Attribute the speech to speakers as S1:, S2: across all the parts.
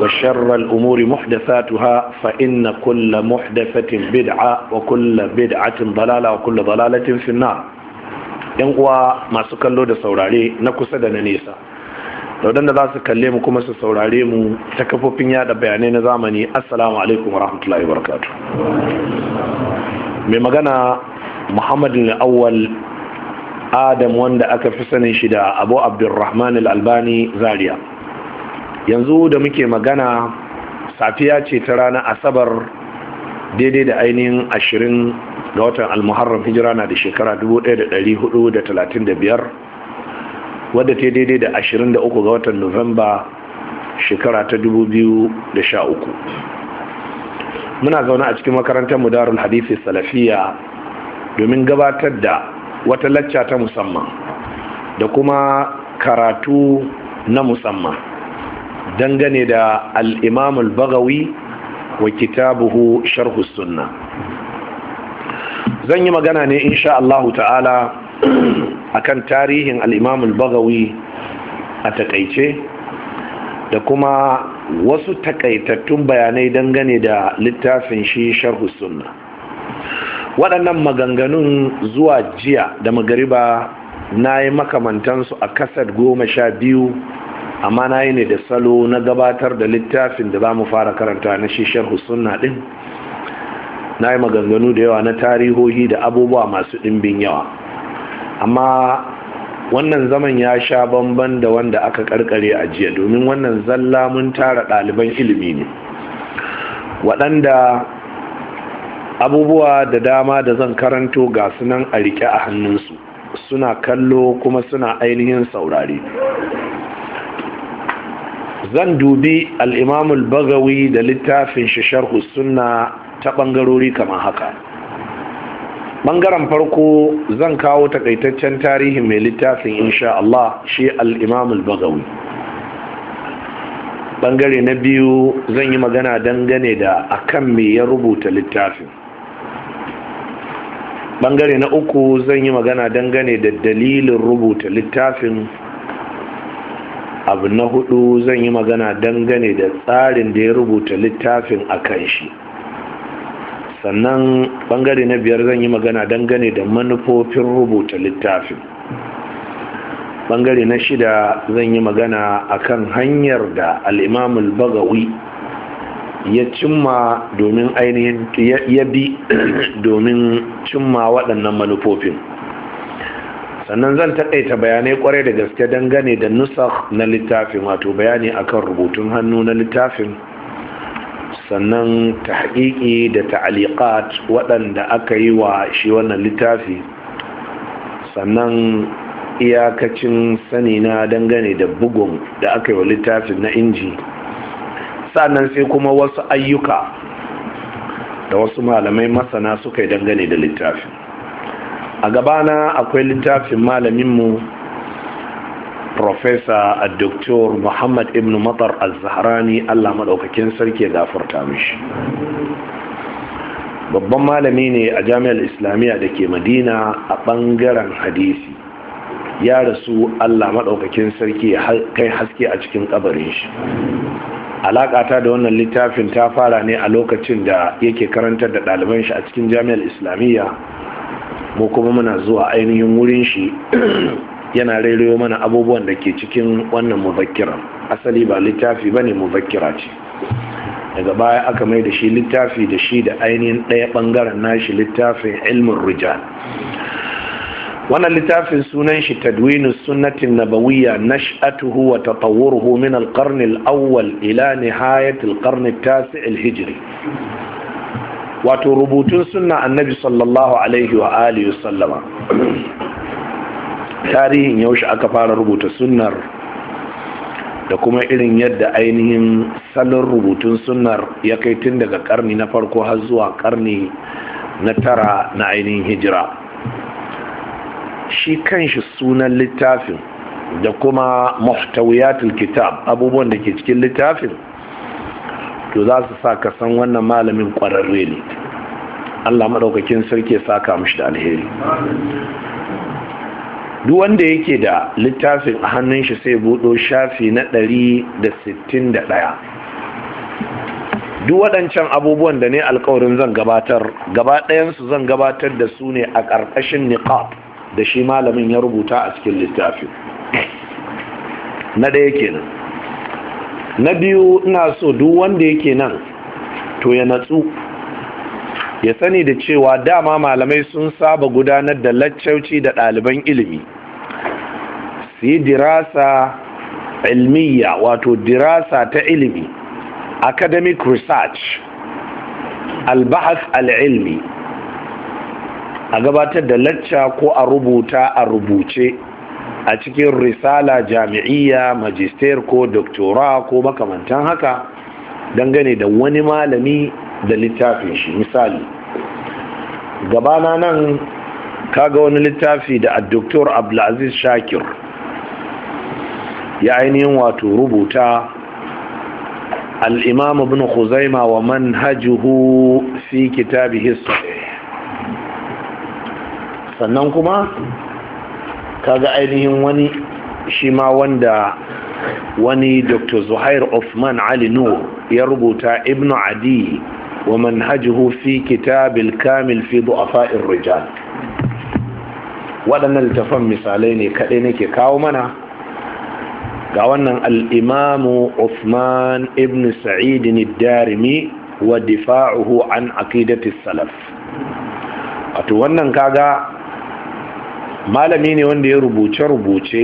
S1: وشر الأمور محدثاتها فإن كل محدثة بدعة وكل بدعة ضلالة وكل ضلالة في النار ينقوى ما سكالو دا سوراري نكسد نيسا لو دان دا سكالي مكما سوراري مو تكفو بنيا دا بيانين زامني السلام عليكم ورحمة الله وبركاته mai magana muhammad al-awwal adam wanda aka fi sanin shi da abu yanzu da muke magana safiya ce ta rana asabar daidai da ainihin ashirin ga watan almuharram hijira na da shekara 1435 wadda ta daidai da ashirin da uku ga watan Novemba shekara ta 2013 muna zaune a cikin makarantar mudarun hadisi salafiya domin gabatar da wata lacca ta musamman da kuma karatu na musamman dangane da al'imamul imam al wa kitabuhu sharhu sunna zan yi magana ne insha Allah ta'ala akan tarihin al'imamul imam a takaice da kuma wasu takaitattun bayanai dangane da littafin shi sharhu sunna waɗannan maganganun zuwa jiya da magariba na yi makamantansu a kasar goma sha biyu amma na yi ne da salo na gabatar da littafin da za mu fara karanta na shishar sharhu sunna din na yi maganganu da yawa na tarihohi da abubuwa masu ɗimbin yawa amma wannan zaman ya sha bamban da wanda aka karkare a jiya domin wannan zalla mun tara ɗaliban ilimi ne waɗanda abubuwa da dama da zan karanto ga sunan a rike a hannunsu suna kallo kuma suna ainihin saurari zan dubi al'imamul bagawi da littafin shishar sharhu ta ɓangarori kamar haka ɓangaren farko zan kawo takaitaccen tarihi mai littafin insha Allah shi al'imamul bagawi ɓangare na biyu zan yi magana dangane da akan me ya rubuta littafin ɓangare na uku zan yi magana dangane da dalilin rubuta littafin abu na hudu zan yi magana dangane da tsarin da ya rubuta littafin a kan shi sannan bangare na biyar zan yi magana dangane da manufofin rubuta littafin bangare na shida zan yi magana a kan hanyar da al'imamul bagawi ya cimma domin ainihin ya bi domin cimma waɗannan manufofin sannan zan taƙaita bayanai kwarai da gaske dangane da nusar na littafin wato bayani akan rubutun hannu na littafin sannan tahƙiƙi da ta'aliƙat waɗanda aka yi wa shi wannan littafi sannan iyakacin sanina dangane da bugun da aka yi wa littafin na inji sannan sai kuma wasu ayyuka da wasu malamai masana suka yi dangane da littafin a gabana akwai littafin malaminmu profesa Dr. doktor muhammad ibn matar al-zahrani allah maɗaukakin sarki ya gafarta mishi babban malami ne a jami'ar islamiyya da ke madina a ɓangaren hadisi ya rasu allah maɗaukakin sarki ya kai haske a cikin ƙabarin shi alaƙata da wannan littafin ta fara ne a lokacin da yake karantar da ɗaliban shi a cikin jami'ar islamiyya mu kuma muna zuwa ainihin wurin shi yana rairayo mana abubuwan da ke cikin wannan muzakkira asali ba littafi ba ne muzakkira ce daga baya aka mai da shi littafi da shi da ainihin ɗaya ɓangaren nashi littafin ilmin rijal wannan littafin sunan shi tadwinu sunnatin nabawiyya nash'atuhu wa tatawwuruhu min al-qarn al-awwal ila nihayat al ƙarni at-tasi' wato rubutun suna annabi sallallahu alaihi wa Aliyu sallama tarihin yaushe aka fara rubuta sunnar da kuma irin yadda ainihin salon rubutun sunnar ya kai tun daga karni na farko har zuwa karni na tara na ainihin hijira shi kanshi sunan littafin da kuma muhtawiyatul kitab abubuwan da ke cikin littafin to za su sa ka san wannan malamin ƙwararre ne Allah maɗaukakin sarki ya saka mishi da alheri duk wanda yake da littafin a hannun shi sai buɗo shafi na ɗari da sittin da ɗaya duk waɗancan abubuwan da ne alkawarin zan gabatar gaba ɗayansu zan gabatar da su ne a ƙarƙashin niqab da shi malamin ya rubuta a cikin littafin na ɗaya kenan na biyu ina so duk wanda yake nan to ya natsu ya sani da cewa dama malamai sun saba gudanar da laccauci da ɗaliban ilimi su yi dirasa ilmiya wato dirasa ta ilimi academic research albahas al'ilmi a gabatar da lacca ko a rubuta a rubuce a cikin risala jami'iyya magister ko doktora ko makamantan haka dangane da wani malami da littafin shi misali gabana nan kaga wani littafi da doktor abdulaziz shakir ya ainihin wato rubuta al'imam bin khuzaima wa man manhajuhu fi kitabihi sahih sannan kuma kaga ainihin wani shi ma wanda wani dr zuhair Uthman ali Nuhu ya rubuta ibnu adi wa manhajuhu fi kitabil kamil fi du'afa'ir rijal waɗannan littafan misalai ne kaɗai nake kawo mana ga wannan al'imamu Uthman ibn sa'idin darimi wa difa'uhu an aqidatis salaf wato wannan kaga malami ne wanda ya rubuce-rubuce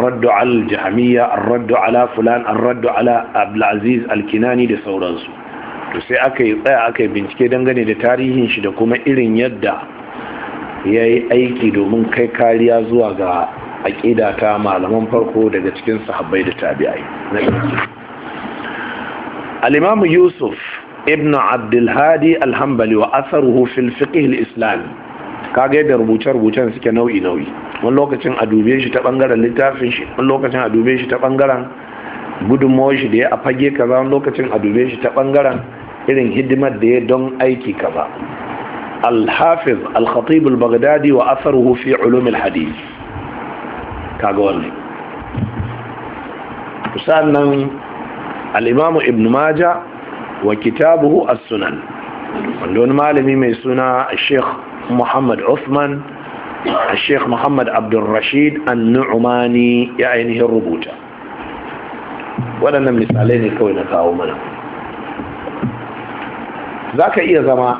S1: raddu al jahamiya ala fulan raddu ala alkinani da sauransu to sai aka yi tsaya aka yi bincike dangane da tarihin shi da kuma irin yadda ya yi aiki domin kai kariya zuwa ga aƙida ta malaman farko daga cikin sahabbai da tabi'ai al-imamu yusuf ibn abdulhadi al wa asaruhu fil fiqh al-islami kaga yadda rubuce-rubucen suke nau'i-nau'i wani lokacin a dube shi ta bangaren littafin shi wani lokacin a dube shi ta bangaren gudunmawar shi da ya a fage kaza wani lokacin a dube shi ta bangaren irin hidimar da ya don aiki kaza al-hafiz al-khatib wa atharuhu fi ulum al-hadith kaga wani sannan al-imam ibn majah wa kitabuhu as-sunan wanda wani malami mai suna sheikh muhammad Uthman sheikh muhammad an annu'umani ya ainihin rubuta waɗannan misalai ne kawai na kawo mana za ka iya zama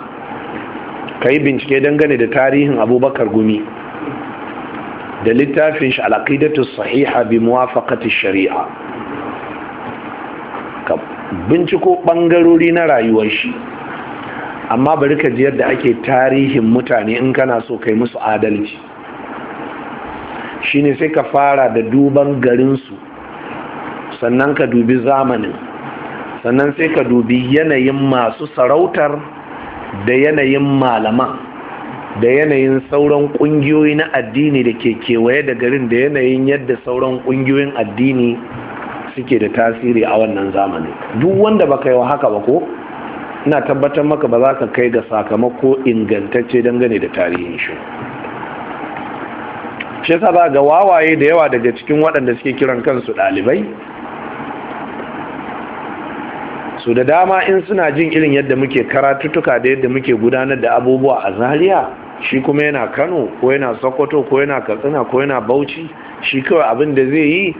S1: ka yi bincike dangane da tarihin abubakar gumi da littafin shi alaƙidatu sahiha bi muwafaqati shari'a ka binciko ɓangarori na rayuwar shi amma bari ka ji yadda ake tarihin mutane in kana so kai musu adalci shine sai ka fara da duban garinsu sannan ka dubi zamanin sannan sai ka dubi yanayin masu sarautar da yanayin malaman da yanayin sauran kungiyoyi na addini da ke kewaye da garin da yanayin yadda sauran kungiyoyin addini suke da tasiri a wannan zamanin duk wanda baka yi wa haka ba ko ina tabbatar maka ba za ka kai ga sakamako ingantacce dangane da tarihin shi shi yasa za ga wawaye da yawa daga cikin waɗanda suke kiran kansu ɗalibai su da dama in suna jin irin yadda muke karatuttuka da yadda muke gudanar da abubuwa a zaria shi kuma yana kano ko yana sokoto ko yana katsina ko yana bauchi shi kawai abin da zai yi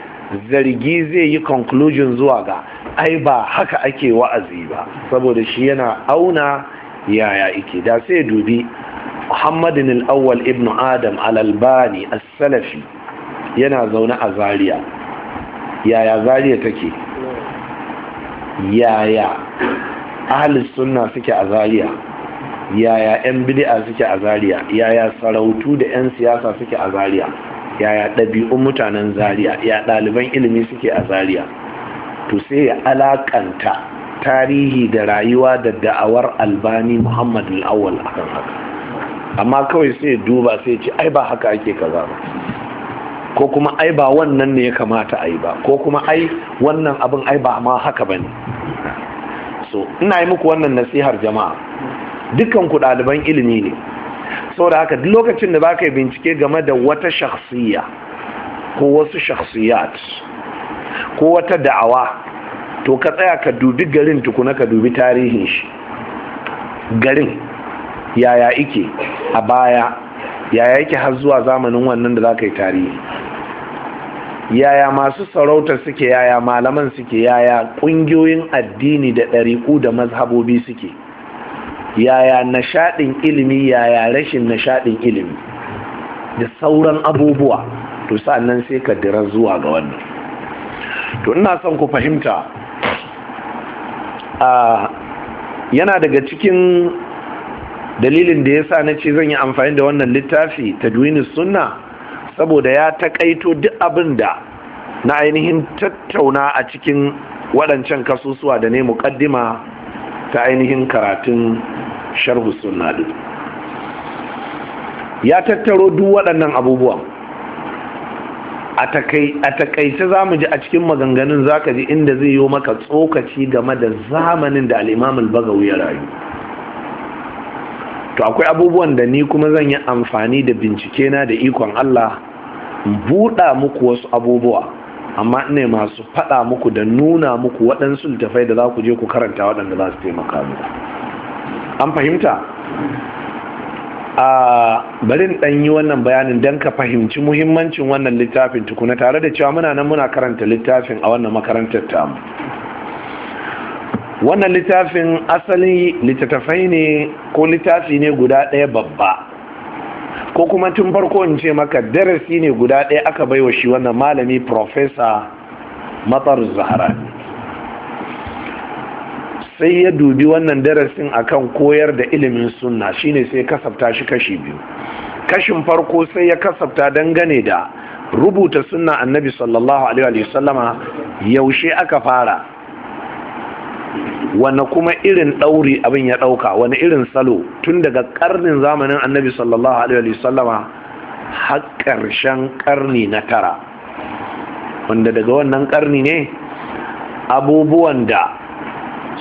S1: zargi zai yi conclusion zuwa ga ai ba haka ake wa'azi ba saboda shi yana auna yaya ike da sai dubi muhammadin al'awwal ibn adam al'albani as-salafi yana zaune a Zariya. yaya zariya take yaya ahalis sunna suke a Zariya? yaya 'yan bidi'a suke a Zariya? yaya sarautu da 'yan siyasa suke a Zariya? yaya ɗabi'un mutanen zaria ya ɗaliban ilimi suke a zaria to sai ya alakanta tarihi da rayuwa da da'awar albani muhammad al'awwal akan haka amma kawai sai duba sai ce ai ba haka ake kaza ba ko kuma ai ba wannan ne ya kamata ai ba ko kuma ai wannan abin ai ba ma haka ba ne so ina yi muku wannan nasihar jama'a dukan ku ɗaliban ilimi ne saboda haka duk lokacin da ka yi bincike game da wata shakhsiya ko wasu shakhsiyat ko wata da'awa to ka tsaya ka dubi garin tukuna ka dubi tarihin shi garin yaya ike a baya yaya ike har zuwa zamanin wannan da za ka yi tarihi yaya masu sarauta suke yaya malaman suke yaya ƙungiyoyin addini da ɗariƙu da mazhabobi suke yaya nashaɗin ilimi yaya rashin nishaɗin ilimi da sauran abubuwa to nan sai ka dira zuwa ga wannan to ina son ku fahimta yana daga cikin dalilin da ya sa na ce zan yi amfani da wannan littafi tadwini sunna saboda ya takaito duk abin da na ainihin tattauna a cikin waɗancan kasusuwa da ne muƙaddima ta ainihin karatun sharhu sunna din ya tattaro duk waɗannan abubuwan a takaice za mu ji a cikin maganganun za ka ji inda zai yi maka tsokaci game da zamanin da al'imamul bagawu ya rayu to akwai abubuwan da ni kuma zan yi amfani da bincike na da ikon allah buɗa muku wasu abubuwa amma ne masu faɗa muku da nuna muku waɗansu littafai da za ku je ku karanta waɗanda za su taimaka muku an fahimta a barin ɗan yi wannan bayanin don ka fahimci muhimmancin wannan littafin tukuna tare da cewa muna nan muna karanta littafin a wannan makarantar tamu wannan littafin asali littattafai ne ko littafi ne guda ɗaya babba ko kuma tun farko in ce maka darasi ne guda ɗaya aka baiwa shi wannan malami profesa matsar zahara sai ya dubi wannan darasin akan koyar da ilimin sunna shine sai kasafta shi kashi biyu kashin farko sai ya kasafta dangane da rubuta sunna annabi sallallahu alaihi wasallama yaushe aka fara wani kuma irin ɗauri abin ya ɗauka wani irin salo tun daga ƙarnin zamanin annabi sallallahu alaihi wasallama har ƙarshen ƙarni na tara wanda daga wannan ƙarni ne abubuwan da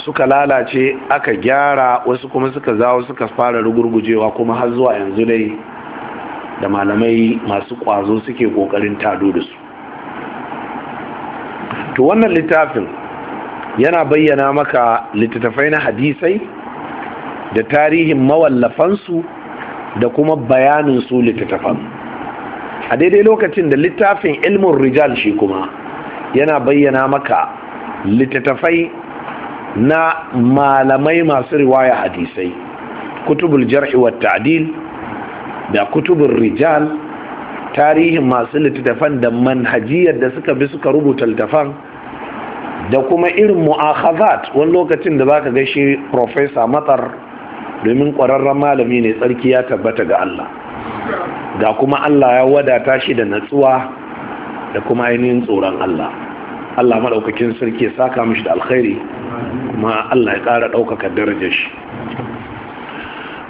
S1: suka lalace aka gyara wasu kuma suka zawo suka fara rugurgujewa kuma har zuwa yanzu dai da malamai masu ƙwazo suke ƙoƙarin tado da su to wannan littafin yana bayyana maka littattafai na hadisai da tarihin mawallafansu da kuma bayanin su littattafan a daidai lokacin da littafin ilmin rijal shi kuma yana bayyana maka littattafai na malamai masu riwaya hadisai kutubul jar'i wa ta'dil da kutubul rijal tarihin masu littattafan da manhajiyar da suka bi suka rubuta littattafan da kuma irin mu'akhazat wani lokacin da baka ga shi professor matsar domin ƙwararren malami ne tsarki ya tabbata ga Allah ga kuma Allah ya wadata shi da natsuwa da kuma ainihin tsoron Allah Allah maɗaukakin sarki ya saka mishi da alkhairi kuma Allah ya ƙara ɗaukaka darajar shi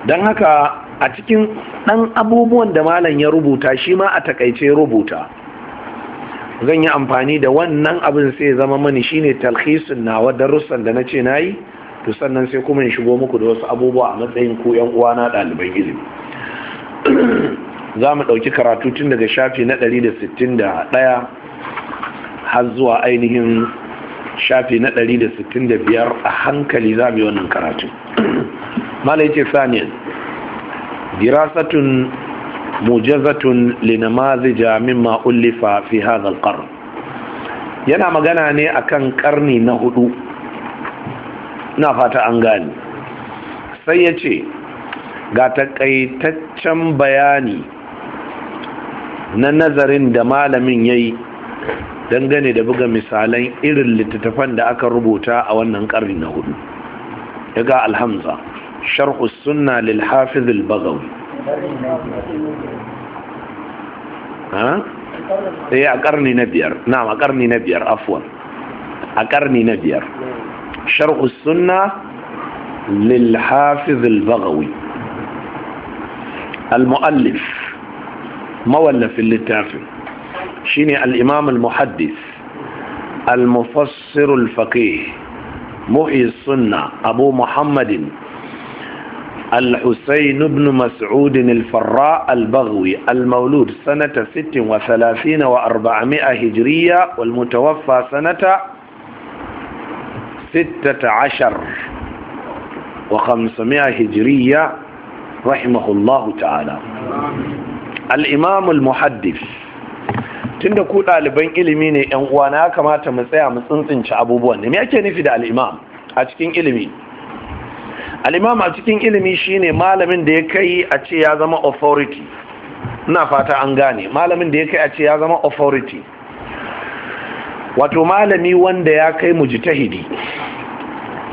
S1: don haka a cikin ɗan abubuwan da malam ya rubuta shi ma a takaice rubuta zan yi amfani da wannan abin sai zama mani shine talhisin nawa darussan da na ce na yi to sannan sai kuma in shigo muku da wasu abubuwa a matsayin ku yan uwa na ɗaliban ilimi za mu ɗauki karatu tun daga shafi na 161 har zuwa ainihin shafi na 165 a hankali za mu yi wannan karatu mala yace saniyan dirasatun mujazatun لنماذج مما ullifa في هذا القرن yana magana ne akan ƙarni na hudu na fata an gane sai ya ce ga taƙaitaccen bayani na nazarin da malamin ya yi dangane da buga misalan irin littattafan da aka rubuta a wannan ƙarni na hudu daga alhamza sharhu sunna lil hafiz al-bagawi ها هي إيه، أقرني نبير نعم أقرني نبير عفوا أقرني نبير شرع السنة للحافظ البغوي المؤلف مولف اللي للتافه شيني الإمام المحدث المفسر الفقيه محي السنة أبو محمد الحسين بن مسعود الفراء البغوي المولود سنة ست وثلاثين وأربعمائة هجرية والمتوفى سنة ستة عشر وخمسمائة هجرية رحمه الله تعالى الإمام المحدث tunda ku ɗaliban ilimi ne ‘yan uwana ya kamata mu tsaya mu tsintsince abubuwan ne me ake nufi da al'imam a cikin ilimi al'imam a cikin ilimi shine malamin da ya kai a ce ya zama authority ina fata an gane malamin da ya kai a ce ya zama authority wato malami wanda ya kai mu mujtahidi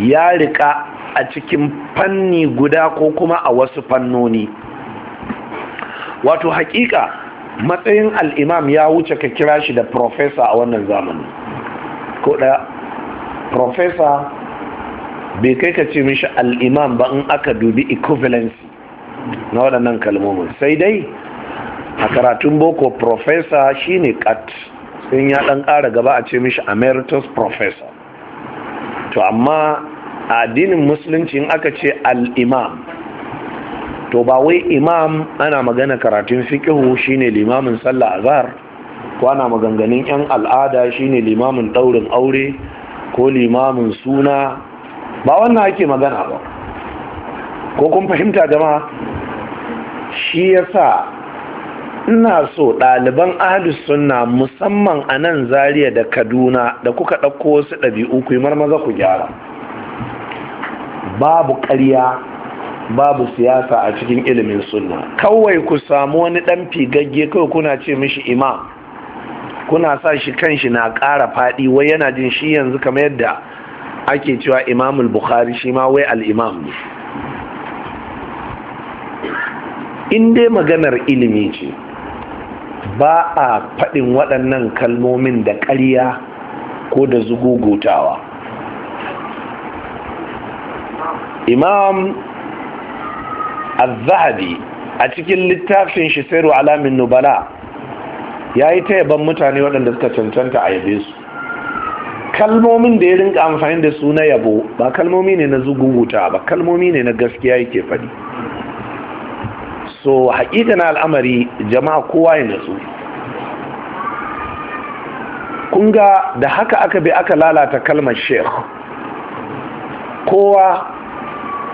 S1: ya rika a cikin fanni guda ko kuma a wasu fannoni wato hakika matsayin al'imam ya wuce ka kira shi da profesa a wannan zamani ko da profesa bai kai ka ce mishi al'imam ba in aka dubi equivalency na waɗannan kalmomin sai dai a karatun boko professor shine kat sun ya ɗan ƙara gaba a ce mishi emeritus professor to amma a addinin musulunci in aka ce al'imam to ba wai imam ana magana karatun fiƙihu shine limamin sallah azhar ko ana maganganun 'yan al'ada shine limamin ɗaurin aure ko limamin suna ba wannan ake magana ba ko kun fahimta jama'a shi yasa ina so ɗaliban ahlus sunna musamman a nan Zariya da kaduna da kuka ɗauko wasu ɗabi'u ku yi marmaza ku gyara babu ƙarya babu siyasa a cikin ilimin sunna kawai ku samu wani ɗan figagge kawai kuna ce mishi imam kuna sa shi kanshi na ƙara faɗi wai yana jin shi yanzu kamar yadda ake cewa imamul bukhari shi ma wai al'imam ne in dai maganar ilimi ce ba a faɗin waɗannan kalmomin da ƙarya ko da zugugutawa imam al-zahabi a cikin littafin shi sairu alamin nubala ya yi ta yaban mutane waɗanda suka cancanta a yabe su kalmomin da ya rinka amfani da su na yabo ba kalmomi ne na zugunguta ba kalmomi ne na gaskiya yake faɗi so na al'amari jama'a kowa ya natsu kun ga da haka aka bi aka lalata kalmar sheikh kowa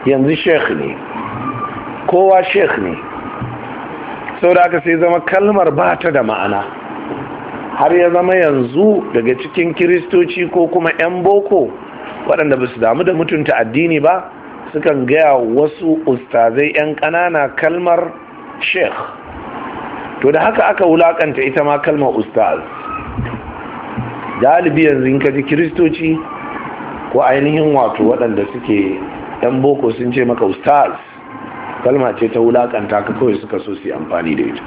S1: yanzu sheikh ne kowa sheikh ne sau da aka sai zama kalmar ba ta da ma'ana har ya zama yanzu daga cikin kiristoci ko kuma 'yan boko waɗanda ba su damu da mutunta addini ba sukan gaya wasu ustazai 'yan ƙanana kalmar sheikh to da haka aka wulaƙanta ita ma kalmar ustaz galibi yanzu in kaji kiristoci ko ainihin wato waɗanda suke 'yan boko sun ce maka ustaz kalma ce ta wulaƙanta ka kawai suka so su yi amfani da ita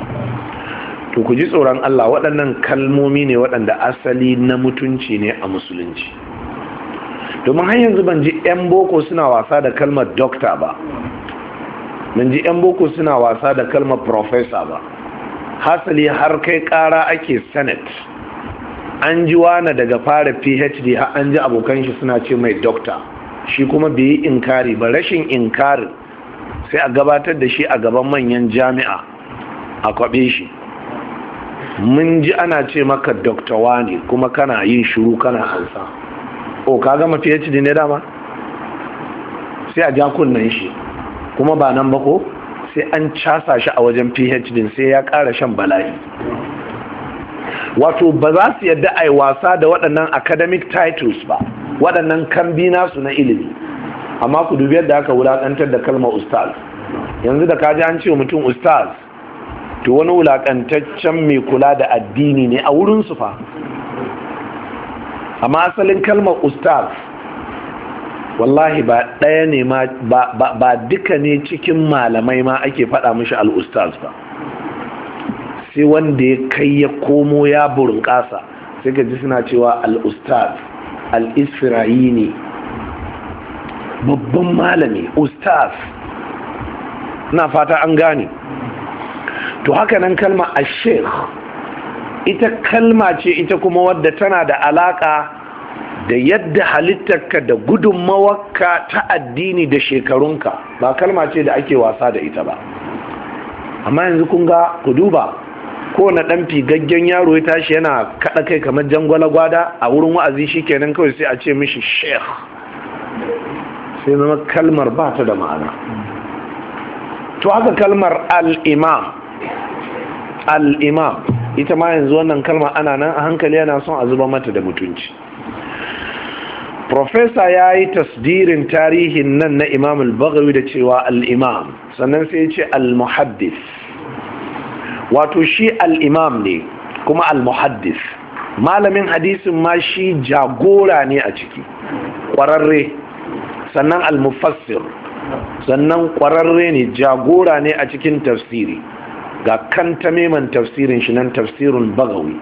S1: to ku ji tsoron Allah waɗannan kalmomi ne waɗanda asali na mutunci ne a musulunci domin har yanzu ban ji 'yan boko suna wasa da kalmar dokta ba ban ji 'yan boko suna wasa da kalmar profesa ba hasali har kai ƙara ake senate an ji wana daga fara phd har an ji abokan shi suna ce mai dokta shi kuma bai yi inkari ba rashin inkarin sai a gabatar da shi a gaban manyan jami'a a kwabe shi mun ji ana ce maka dokta wani kuma kana yin shuru kana ansa o ka gama phd ne dama sai a ja kunnen shi kuma ba nan ba ko sai an casa shi a wajen phd sai ya kara shan bala'i wato ba za su yadda a yi wasa da waɗannan academic titles ba waɗannan kambi nasu na ilimi amma ku dubi yadda aka wulaƙantar da kalmar ustaz yanzu da kaji an ce mutum ustaz to wani wulaƙantaccen mai kula da addini ne a wurin su fa amma asalin kalmar ustaz wallahi ba ɗaya ne ma ba duka ne cikin malamai ma ake faɗa mashi al'ustaz ba sai wanda ya kai ya komo ya burin ƙasa sai ka ji suna cewa al'ustaz al'isra'ini babban malami ustaz na fata an gane to haka nan kalma ashekh ita kalma ce ita kuma wadda tana da alaka da yadda halittarka da gudun mawakka ta addini da shekarunka ba kalma ce da ake wasa da ita ba amma yanzu kun ga ku duba kowane ɗan fi figaggen yaro ya tashi yana kaɗa kai kamar jangwala gwada a wurin wa'azi shi kenan kawai sai a ce mishi sheikh sai zama kalmar ba ta da ma'ana to haka kalmar al-imam alimam ita ma yanzu wannan kalma ana nan a hankali yana son a zuba mata da mutunci profesa ya yi tasdirin tarihin nan na imam al bagawi da cewa alimam sannan sai ce al-muhaddis wato shi Al'imam ne kuma al-muhaddis malamin hadisin ma shi jagora ne a ciki ƙwararre sannan al-mufassir sannan ƙwararre ne jagora ne a cikin tafsiri ga kan ta meman tafsirin shi nan tafsirin bagawi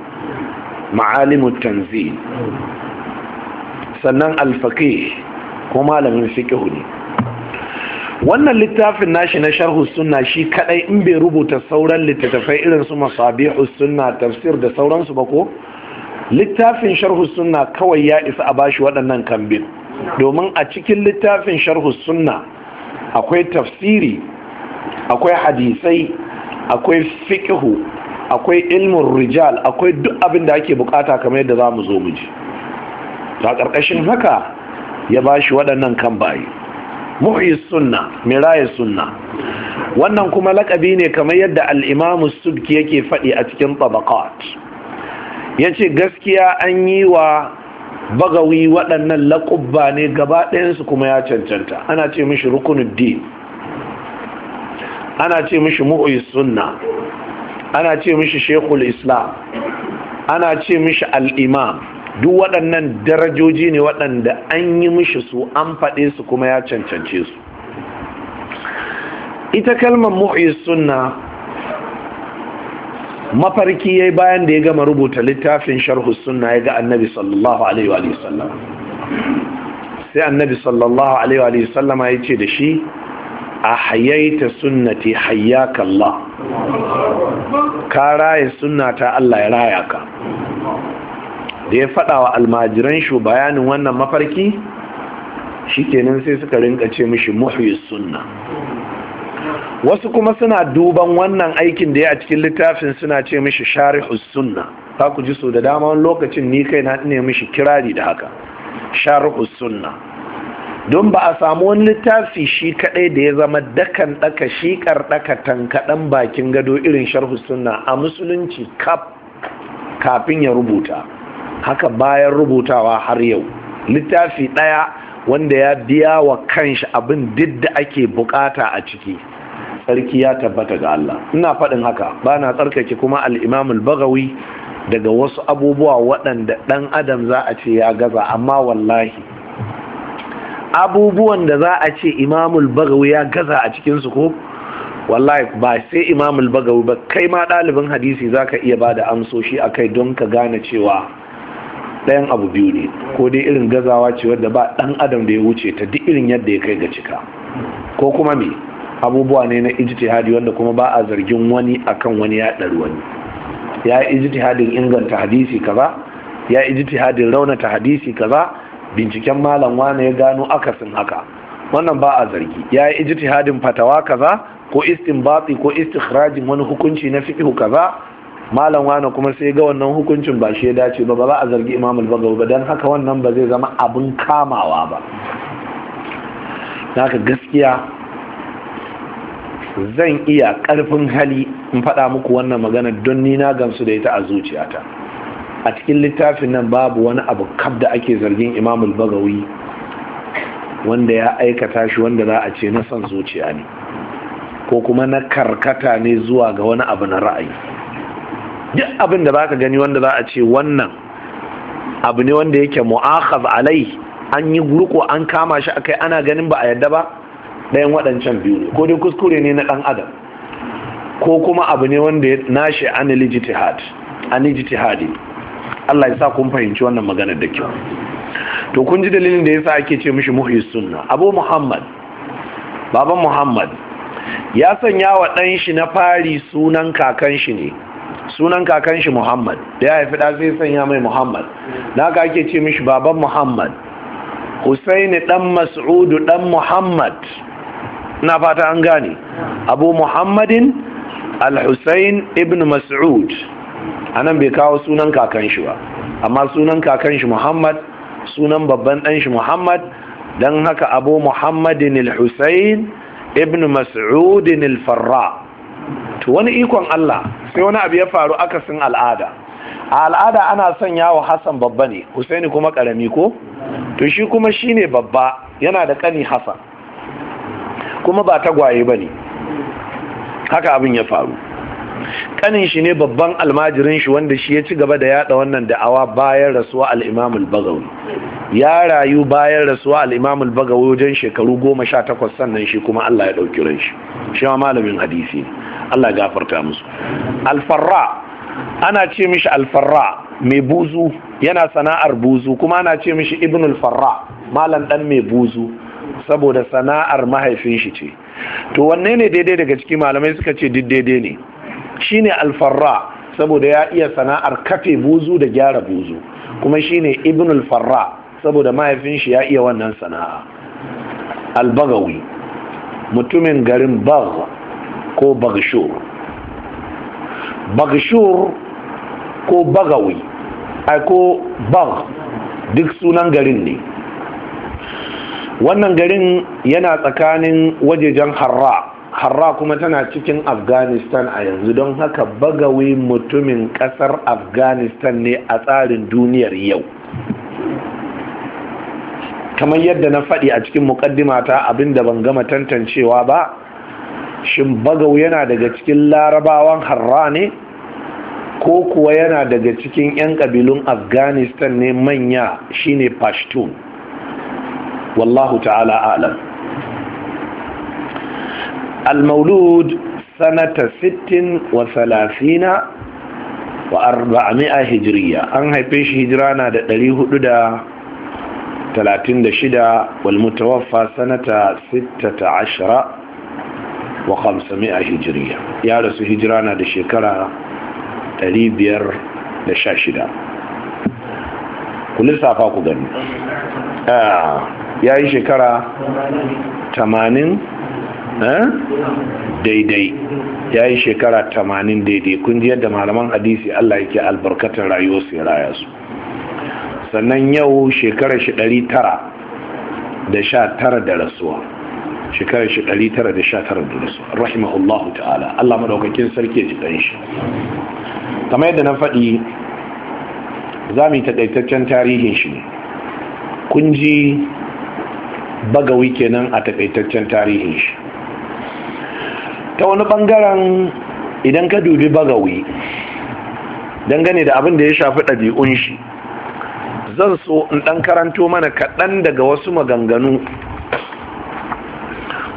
S1: ma'alimu tanzil sannan alfake ko malamin fiƙihu hudu wannan littafin nashi na sharhu suna shi kadai in bai rubuta sauran littattafai irin su suna sunna tafsir da sauransu ba ko littafin sharhu suna kawai ya isa a bashi waɗannan kambin domin a cikin littafin sharhu suna akwai tafsiri akwai hadisai akwai fiqhu akwai ilmin rijal akwai duk abin da ake bukata kamar yadda za mu zo mu ji ta ƙarƙashin haka ya ba shi waɗannan kan bayi muhis sunna miraye sunna wannan kuma laƙabi ne kamar yadda al'imamu subki yake faɗi a cikin tabakat ya ce gaskiya an yi wa bagawi waɗannan laƙubba ne gaba ɗayansu kuma ya cancanta ana ce mishi rukunin din ana ce mishi mu'uyi sunna ana ce mishi shekul islam ana ce mishi al'imam duk waɗannan darajoji ne waɗanda an yi mishi su an faɗe su kuma ya cancance su ita kalmar mu'uyi sunna mafarki ya bayan da ya gama rubuta littafin sharhu sunna ya ga annabi sallallahu alaihi wa sallam sai annabi sallallahu alaihi wa sallama ya ce da shi A hayaita sunnati hayyaka Allah ka sunna ta Allah ya raya ka da ya faɗa wa almajiran shi bayanin wannan mafarki shikenan sai suka rinka ce mishi muhyi sunna wasu kuma suna duban wannan aikin da ya a cikin littafin suna ce mishi sharihu sunna za ku ji so da dama wani lokacin ni kai na ne mishi kirari da haka sharihu sunna don ba a samu wani littafi shi kaɗai da ya zama dakan ɗaka shi ɗaka tankaɗan bakin gado irin sharhu sunna a musulunci kaf kafin ya rubuta haka bayan rubutawa har yau littafi ɗaya wanda ya biya wa kanshi abin duk da ake bukata a ciki tsarki ya tabbata ga Allah ina faɗin haka bana na tsarkake kuma al'imamul bagawi daga wasu abubuwa waɗanda ɗan adam za a ce ya gaza amma wallahi abubuwan da za a ce imamul bagawi ya gaza a cikinsu ko wallahi ba sai imamul bagawi ba kai ma ɗalibin hadisi za ka iya ba da amsoshi a kai don ka gane cewa ɗayan abu biyu ne ko dai irin gazawa ce wadda ba ɗan adam da ya wuce ta duk irin yadda ya kai ga cika ko kuma me abubuwa ne na ijtihadi wanda kuma ba a zargin wani akan wani ya ɗari wani ya ijtihadin inganta hadisi kaza ya ijtihadin raunata hadisi kaza binciken malam wane ya gano akasin haka wannan ba a zargi ya yi ijtihadin fatawa kaza ko istinbati ko istikhrajin wani hukunci na fiqh kaza malam wane kuma sai ga wannan hukuncin ba shi ya dace ba ba za a zargi imam al-bagawi ba dan haka wannan ba zai zama abin kamawa ba haka gaskiya zan iya karfin hali in faɗa muku wannan magana don ni na gamsu da ita a zuciyata a cikin littafin nan babu wani abu kaf da ake zargin imamul bagawi wanda ya aikata shi wanda za a ce na son zuciya ne ko kuma na karkata ne zuwa ga wani abu na ra'ayi duk abin da baka gani wanda za a ce wannan abu ne wanda yake mu'akhaz alai an yi gurko an kama shi akai ana ganin ba a yadda ba ɗayan waɗancan biyu ne ko dai kuskure ne na ɗan adam ko kuma abu ne wanda ya nashi an ijtihad an ijtihadi Allah ya sa kun fahimci wannan maganar da kyau to kun ji dalilin da yasa ake ce mishi muhyi sunna Abu Muhammad baban Muhammad ya sanya wa ɗan shi na fari sunan kakan shi ne sunan kakan shi Muhammad da ya haifi da zai sanya mai Muhammad na ka ake ce mishi baban Muhammad Husaini dan Mas'udu dan Muhammad na fata an gane Abu Muhammadin Al-Husain ibn Mas'ud a nan bai kawo sunan kakan shi ba amma sunan kakan shi muhammad sunan babban dan shi muhammad don haka abu muhammadin al-husayn ibn mas'udin al-farra to wani ikon allah sai wani abu ya faru akasin al'ada a al'ada ana sanya wa hassan babba ne husaini kuma karami ko to shi kuma shine babba yana da kani hassan kuma ba tagwaye ba ne haka abin ya faru kanin shi ne babban almajirin shi wanda shi ya ci gaba da yada wannan da'awa bayan rasuwa al al ya rayu bayan rasuwa al baga al wajen shekaru goma sha takwas sannan shi kuma Allah ya ɗauki ran shi shi ma malamin hadisi Allah ya gafarta musu Alfarra. ana ce mishi alfarra mai buzu yana sana'ar buzu kuma ana ce mishi ibn alfarra farra malam dan mai buzu saboda sana'ar mahaifin shi ce to wanne ne daidai daga ciki malamai suka ce duk daidai ne shine alfarra saboda ya iya sana'ar kafe buzu da gyara buzu kuma shine ibn alfarra saboda mahaifin shi ya iya wannan sana'a albagawi mutumin garin bag ko bagshur bagshur ko bagawi ai ko bag duk sunan garin ne wannan garin yana tsakanin wajejen harra harra kuma tana cikin afghanistan a yanzu don haka bagawi mutumin kasar afghanistan ne a tsarin duniyar yau kamar yadda na faɗi a cikin mukaddimata da ban gama tantancewa ba shin bagau yana daga cikin larabawan harra ne ko kuwa yana daga cikin 'yan ƙabilun afghanistan ne manya shine pashtun wallahu ta'ala alam المولود سنة ست وثلاثين وأربعمائة هجرية أن بيش هجرانا دليه دا ثلاثين دشدة والمتوفى سنة ستة عشر وخمسمائة هجرية يا رسول هجرانا دشكرة تليبير دشاشدة كل safa قدن آه. يا شكرا تمانين Eh? daidai ya yi shekara tamanin daidai kun ji yadda malaman hadisi Allah yake albarkatar rayuwar su raya su sannan yau shekara shi ɗari tara da sha tara da rasuwa Shekara shi ɗari tara da sha tara da rasuwa rahimahullahu ta'ala Allah maɗaukakin sarki ya ji ɗan shi kamar yadda na faɗi za mu yi taƙaitaccen tarihin shi kun ji bagawi kenan a taƙaitaccen tarihin shi ta wani bangaren idan ka dubi bagawi dangane da abin da ya shafi ɗabi'un shi zan so in ɗan karanto mana kaɗan daga wasu maganganu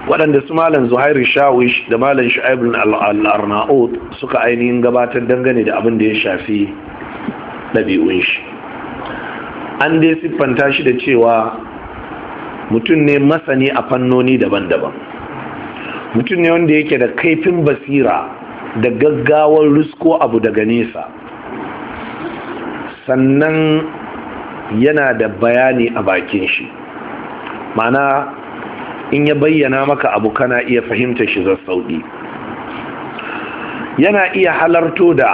S1: waɗanda su malam zuhairu shawish da malam shu'aibun al'arnaud suka ainihin gabatar dangane da abin da ya shafi ɗabi'un shi an dai siffanta shi da cewa mutum ne masani a fannoni daban-daban mutum ne wanda yake da kaifin basira da gaggawar rusko abu daga nesa sannan yana da bayani a bakin shi mana in ya bayyana maka abu kana iya fahimta shi sauɗi. yana iya halarto da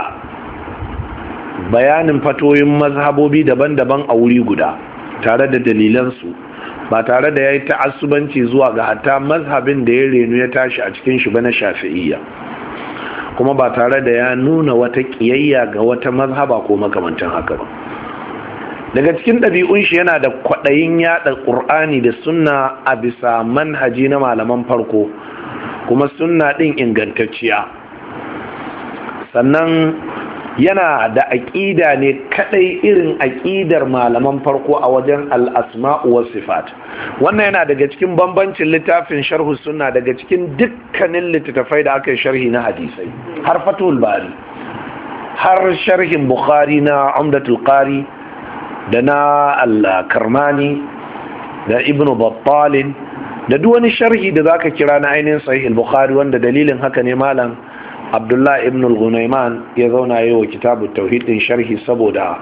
S1: bayanin fatoyin mazhabobi daban-daban a wuri guda tare da dalilansu ba tare da ya yi ta'assubanci zuwa ga hatta mazhabin da ya renu ya tashi a cikin shi ba na shafi'iyya kuma ba tare da ya nuna wata kiyayya ga wata mazhaba ko makamantan haka ba daga cikin ɗabi'un shi yana da kwaɗayin yaɗa ƙur'ani da sunna a bisa manhaji na malaman farko kuma sunna ɗin ingantacciya sannan yana da aƙida ne kaɗai irin aƙidar malaman farko a wajen al'asma'u wa sifat wannan yana daga cikin bambancin littafin sharhu suna daga cikin dukkanin littattafai da aka yi sharhi na hadisai har fatul bari har sharhin bukhari na umdatul ƙari da na al-karmani da ibnu babbalin da duk wani sharhi da za ka kira na ainihin sahih al-bukhari wanda dalilin haka ne malam abdullah ibn al-gunaiman ya zauna yi wa kitabu tauhidin sharhi saboda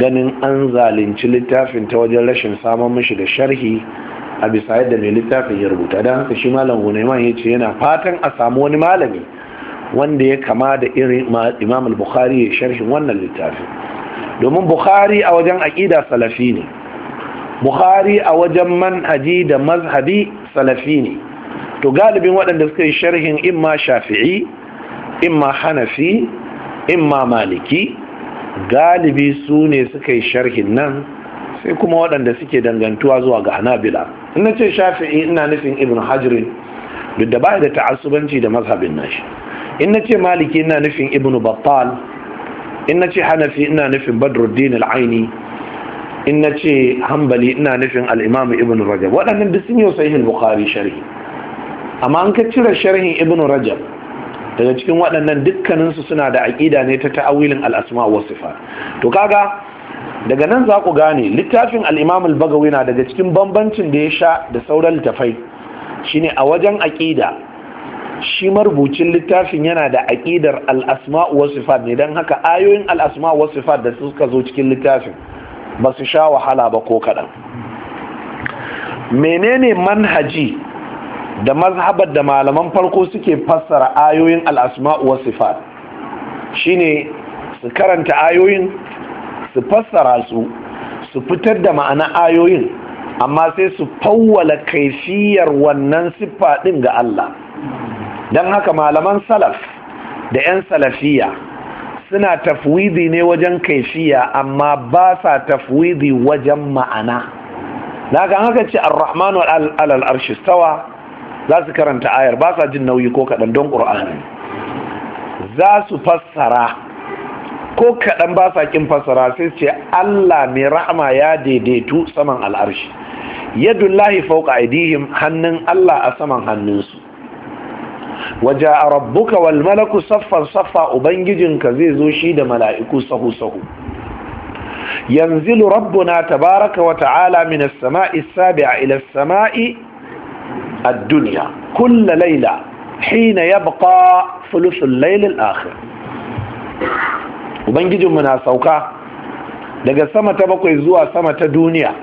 S1: ganin an zalunci littafin ta wajen rashin samun mashi da sharhi a bisa yadda mai littafin ya rubuta don haka shi malam gunaiman ya ce yana fatan a samu wani malami wanda ya kama da irin imam al-bukhari ya sharhin wannan littafin domin bukhari a wajen aƙida salafi ne bukhari a wajen manhaji da mazhabi salafi ne to galibin waɗanda suka yi sharhin imma shafi'i imma hanafi imma maliki galibi su ne suka yi sharhin nan sai kuma waɗanda suke dangantuwa zuwa ga hanabila ina ce shafi'i ina nufin ibn hajri duk da bai da ta'assubanci da mazhabin nashi ina ce maliki ina nufin ibn battal ina ce hanafi ina nufin badruddin al'aini aini ina ce hanbali ina nufin alimam ibn rajab waɗannan duk sun yi sahihin bukhari sharhi amma an ka cire sharhin ibn rajab daga cikin waɗannan dukkaninsu suna da aƙida ne ta ta'awilin al'asma wa sifa to kaga daga nan za ku gane littafin al'imam al-bagawi na daga cikin bambancin da ya sha da sauran littafai shine a wajen aƙida shi marubucin littafin yana da aƙidar al'asma wa sifat ne don haka ayoyin al'asma wa sifat da suka zo cikin littafin ba su sha wahala ba ko kaɗan menene manhaji da mazhabar da malaman farko suke fassara ayoyin al'asma'u wa sifat shine su karanta ayoyin su fassara su su fitar da ma'ana ayoyin amma sai su fawwala kaifiyar wannan siffa ɗin ga Allah don haka malaman salaf da 'yan salafiya suna tafwidi ne wajen kaifiya amma ba sa tafwidi wajen ma'ana Na daga haka ce al rahmanu alal arshi stawa za su karanta ayar ba sa jin nauyi ko kaɗan don ƙur'ani za su fassara ko kaɗan ba sa ƙin fassara sai ce allah mai rahama ya daidaitu saman al'arshi yadullahi fauka aidihim hannun allah a saman hannunsu waje a rabbuka wal malaku saffan saffa ubangijinka zai zo shi da mala'iku sahu sahu Yanzu rabbuna tabaraka wa ta'ala min as-sama'i as-sabi'a ila as-sama'i الدنيا كل ليلة حين يبقى ثلث الليل الآخر ubangijin mu na sauka daga sama ta bakwai zuwa sama ta duniya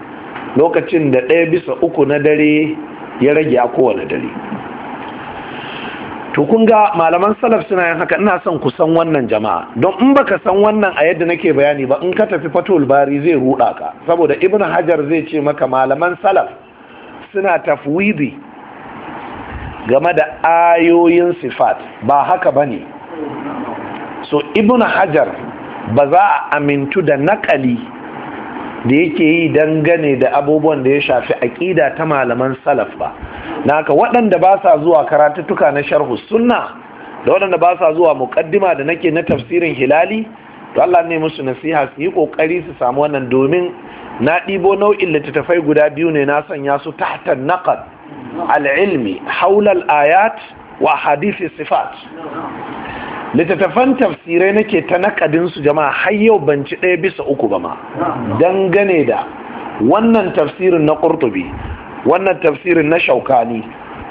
S1: lokacin da ɗaya bisa uku na dare ya rage a kowane dare to ga malaman salaf suna yin haka ina son ku san wannan jama'a don in baka san wannan a yadda nake bayani ba in ka tafi fatul bari zai ruɗa ka saboda ibnu hajar zai ce maka malaman salaf suna tafwidi game da ayoyin sifat ba haka ba ne so ibn hajar ba za a amintu da nakali da yake yi dangane da abubuwan da ya shafi aƙida ta malaman salaf ba na haka waɗanda ba sa zuwa karatuttuka na sharhu sunna da waɗanda ba sa zuwa muƙaddima da nake na tafsirin hilali to Allah ne musu nasiha su yi ƙoƙari su samu wannan domin na ɗibo nau'in littattafai guda biyu ne na sanya su tahtan naqad al'ilmi haular ayat wa hadithi sifat littattafan tafsirai nake ta nakadinsu jama'a har yau ban ci ɗaya bisa uku ba ma dangane da wannan tafsirin na ƙurtubi wannan tafsirin na shaukani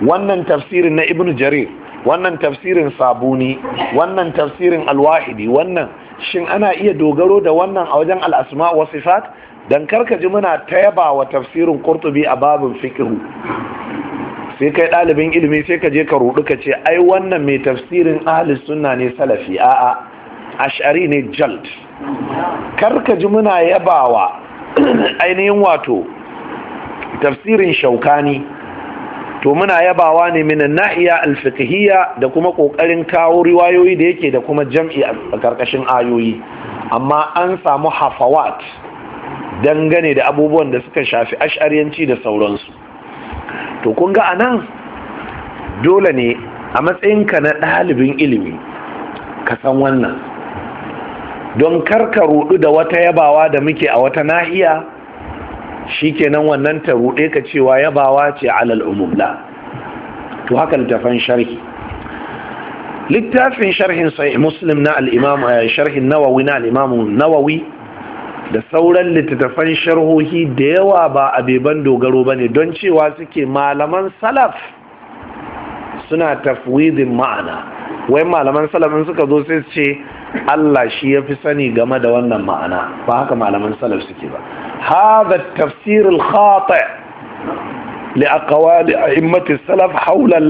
S1: wannan tafsirin na ibn jarir wannan tafsirin sabuni wannan tafsirin alwahidi wannan shin ana iya dogaro da wannan a wajen al'asma wa sifat dan karka ji muna ta yaba wa tafsirin qurtubi a babin fiqhu sai kai ɗalibin ilimi sai ka je ka rudu ka ce ai wannan mai tafsirin ahli sunna ne salafi a'a ash'ari ne jalt karka ji muna yabawa ainihin wato tafsirin shaukani to muna yabawa ne min nahiya alfiqhiyya da kuma kokarin kawo riwayoyi da yake da kuma jam'i a karkashin ayoyi amma an samu hafawat dangane da abubuwan da suka shafi ash'ariyanci da sauransu to kun ga anan dole ne a matsayinka na ɗalibin ilimi ka san wannan don karka rudu da wata yabawa da muke a wata nahiya shikenan wannan ta rude ka cewa yabawa ce alal umum la to haka littafin sharhi littafin sharhin sai muslim na al-imam eh, sharhin nawawi na al-imam nawawi da sauran littattafan sharhohi da yawa ba abeban dogaro ba ne don cewa suke malaman salaf suna tafwidin ma'ana wai malaman salafin suka zo sai su ce Allah shi ya fi sani game da wannan ma'ana ba haka malaman salaf suke ba Ha da tafsirin khati li a himmatin salaf haular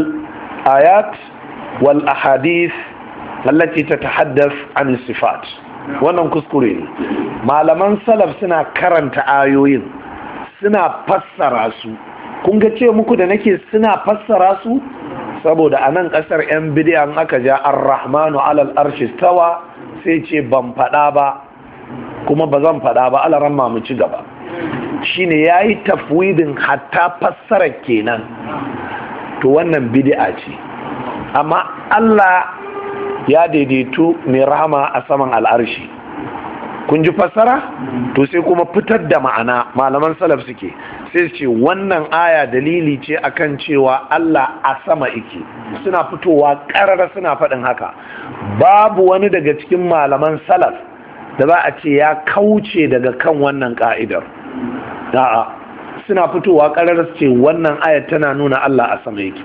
S1: ayat wal ahadith ta haddas an sifat wannan kuskure ne malaman salaf suna karanta ayoyin suna fassara su kun ga ce muku da nake suna fassara su saboda a nan kasar yan bidiyan aka ja ar-rahmanu alal arshi tawa sai ce ban faɗa ba kuma ba zan faɗa ba alaran mu ci gaba shi ne ya yi tafwidin hatta fassara kenan to wannan bidi'a ce amma Allah ya daidaitu mai rahama a saman al'arshi kun ji fassara to sai kuma fitar da ma'ana malaman salaf suke sai ce wannan aya dalili ce akan cewa Allah a sama ike suna fitowa ƙarara suna faɗin haka babu wani daga cikin malaman salaf da za a ce ya kauce daga kan wannan ka'idar Da'a suna fitowa ƙararra su ce wannan aya tana nuna Allah a sama yake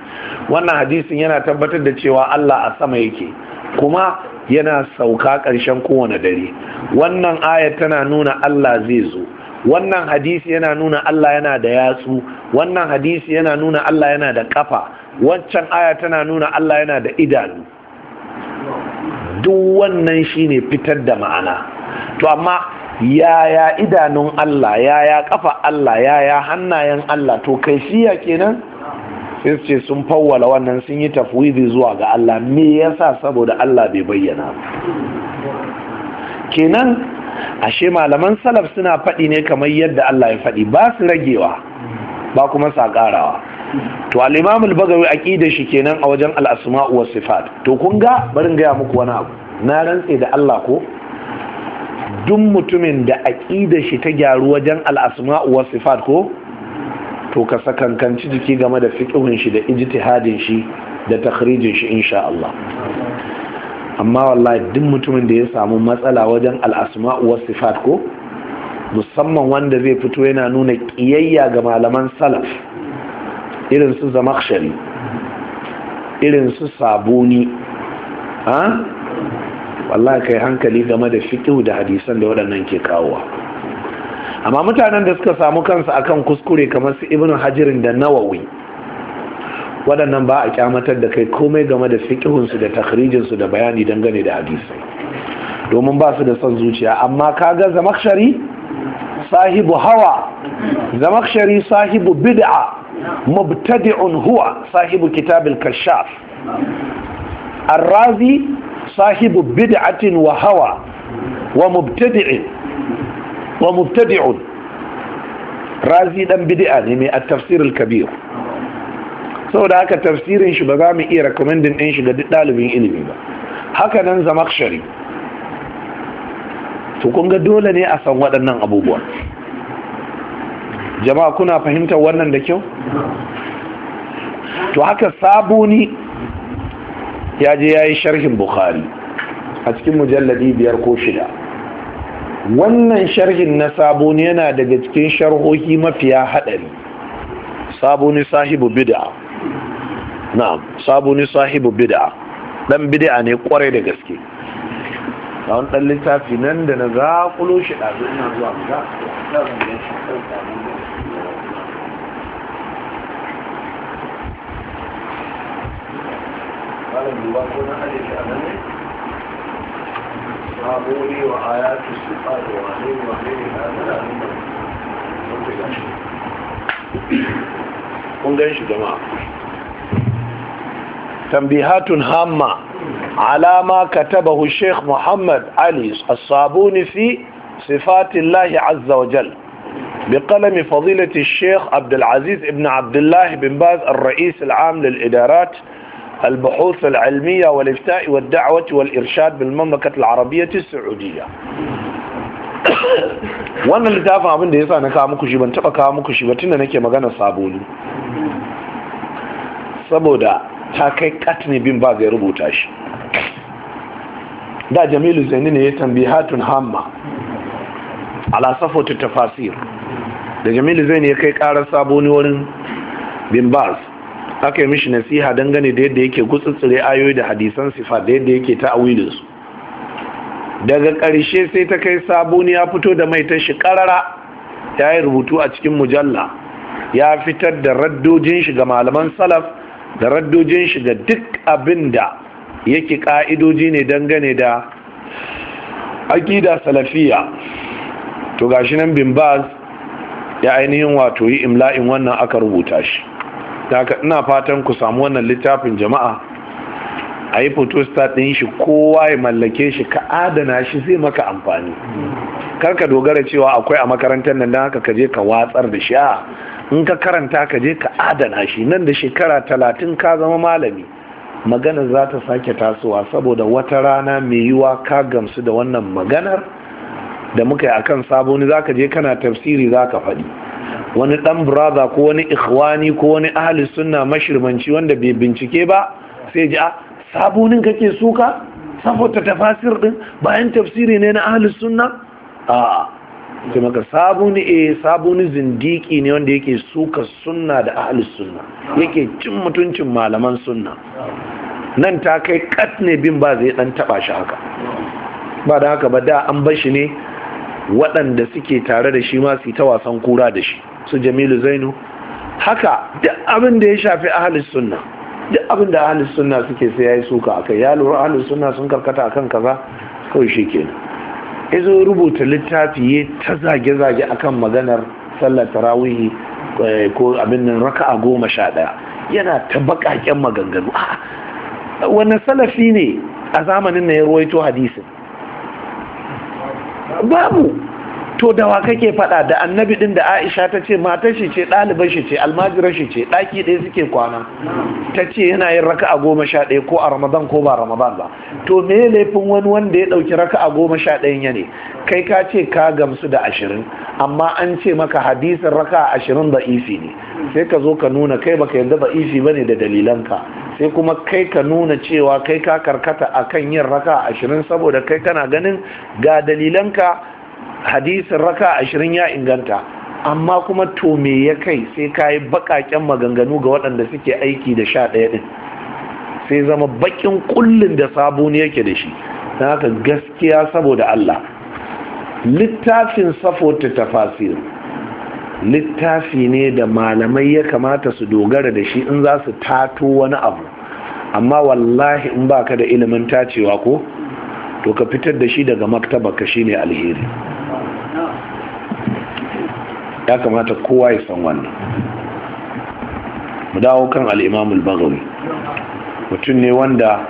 S1: wannan hadisin yana tabbatar da cewa Allah a sama yake kuma yana sauka ƙarshen kowane dare wannan ayat tana nuna Allah zai zo wannan hadisi yana nuna Allah yana da yatsu wannan hadisi yana nuna Allah yana da kafa wancan aya tana nuna Allah yana da idanu duk wannan shine fitar da ma'ana to amma yaya idanun Allah yaya kafa Allah yaya hannayen Allah to kai kenan sai ce sun fawwala wannan sun yi tafwidi zuwa ga Allah me yasa saboda Allah bai bayyana kenan ashe malaman salaf suna faɗi ne kamar yadda Allah ya faɗi ba su ragewa ba kuma sa ƙarawa to al-imam al-bagawi aqida shi kenan a wajen al-asma' wa sifat to kun ga barin gaya muku wani abu na rantse da Allah ko duk mutumin da aqida shi ta gyaru wajen al-asma' wa sifat ko to ka sakankanci jiki game da fiƙihun shi da ijtihadin shi da takhrijin shi insha Allah amma wallahi duk mutumin da ya samu matsala wajen al'asma'u was sifat ko musamman wanda zai fito yana nuna ƙiyayya ga malaman salaf irin su zamakshari irin su sabuni ha ah? wallahi kai hankali game da fiqh da hadisan da waɗannan ke kawowa amma mutanen da suka samu kansu a kan kuskure kamar su ibn hajirin da nawawi waɗannan ba a kyamatar da kai komai game da fiƙihunsu da takhrijinsu da bayani dangane da hadisai domin ba su da son zuciya amma kaga zamakshari sahibu hawa zamakshari sahibu bid'a mubtadi'un huwa sahibu kitabil kashaf arrazi sahibu bid'atin wa hawa wa mubtadi'in wa mubtadi'un razi ɗan bidi'a ne mai a tafsirin Kabiru? kabir saboda haka tafsirin shi ba za mu iya recommending ɗin shi ga duk ɗalibin ilimi ba haka nan zamakshari to kun ga dole ne a san waɗannan abubuwa jama'a kuna fahimtar wannan da kyau to haka sabuni ya je ya yi sharhin bukhari a cikin mujalladi biyar ko shida wannan sharhin na saboni yana daga cikin sharhohi mafiya haɗari saboni sahibu bid'a na'am saboni sahibu bid'a dan bid'a ne kwarai da gaske a wani ɗan littafi nan da na za kulo shi ɗazu ina zuwa ga Thank you. قابولي وآيات السفاة وعليم وعليم هذا لا نمت منتقا تنبيهات هامة على ما كتبه الشيخ محمد علي الصابون في صفات الله عز وجل بقلم فضيلة الشيخ عبد العزيز ابن عبد الله بن باز الرئيس العام للإدارات البحوث العلمية والإفتاء والدعوة والإرشاد بالمملكة العربية السعودية wannan littafin abin da ya sa na kawo muku shi ban taba kawo muku shi ba tunda nake magana sabulu saboda ta kai katni bin ba ya rubuta shi da jamilu zaini ne ya tambihatun hamma ala safatu tafasir da jamilu zaini ya kai karar saboni wurin bin baz aka yi mishi nasiha dangane da yadda yake gutsutsure ayoyi da hadisan sifa da yadda yake ta'awilin su daga ƙarshe sai ta kai sabuni ya fito da mai ta shi ƙarara ya yi rubutu a cikin mujalla ya fitar da raddojin shi ga malaman salaf da raddojin shi ga duk abin da yake ƙa'idoji ne dangane da aƙida salafiya to gashi nan bin ya ainihin wato yi imla'in wannan aka rubuta shi haka ina fatan ku samu wannan littafin jama'a a yi photostat ɗin shi kowa ya mallake shi ka adana shi zai maka amfani karka dogara cewa akwai a makarantar nan don haka ka je ka watsar da shi a in ka karanta ka je ka adana shi nan da shekara talatin ka zama malami magana za ta sake tasowa saboda wata rana mai yiwa ka gamsu da wannan maganar da muka yi akan saboni za ka je kana tafsiri za ka faɗi wani dan Braza ko wani ikhwani ko wani ahli sunna mashirmanci wanda bai bincike ba sai ji a ah, sabunin kake suka saboda tafasir din bayan tafsiri ne na ahli sunna a sai maka sabuni eh sabuni zindiki ne wanda yake suka sunna da ahli sunna yake cin mutuncin malaman sunna nan ta kai kat ne bin ba zai dan taba shi haka ba da haka ba da an bar shi ne waɗanda suke tare da shi ma su ta wasan kura da shi su jamilu zainu haka duk abin da ya shafi ahalis sunna duk abin da ahalis sunna suke sai yayi suka akai ya lura ahalis sunna sun karkata akan kaza kawai shikenan ya zo rubuta littafi ya ta zage-zage akan maganar sallar tarawihi eh, ko abin nan raka'a goma sha ɗaya yana ta baƙaƙen maganganu a wani salafi ne a zamanin na ya ruwaito hadisin babu to da wa kake faɗa da annabi ɗin da aisha ta ce matar shi ce ɗaliban shi ce almajirar shi ce ɗaki ɗaya suke kwana ta ce yana yin raka a goma sha ɗaya ko a ramadan ko ba ramadan ba to me laifin wani wanda ya ɗauki raka a goma sha ɗaya ya ne kai ka ce ka gamsu da ashirin amma an ce maka hadisin raka a ashirin da ifi ne sai ka zo ka nuna kai baka yarda ba ifi ne da dalilanka sai kuma kai ka nuna cewa kai ka karkata akan yin raka a ashirin saboda kai kana ganin ga dalilanka hadisin raka ashirin ya inganta amma kuma to me ya kai sai ka yi baƙaƙen maganganu ga waɗanda suke aiki da sha ɗaya ɗin sai zama baƙin ƙullin da sabon yake da shi don haka gaskiya saboda Allah littafin safota tafasir littafi ne da malamai ya kamata su dogara da shi in za su tato wani abu amma wallahi in baka da ilimin tacewa ko to ka fitar da shi daga maktaba ka shi ne alheri ya kamata kowa ya san wannan mu dawo kan al'imamul bagawi mutum ne wanda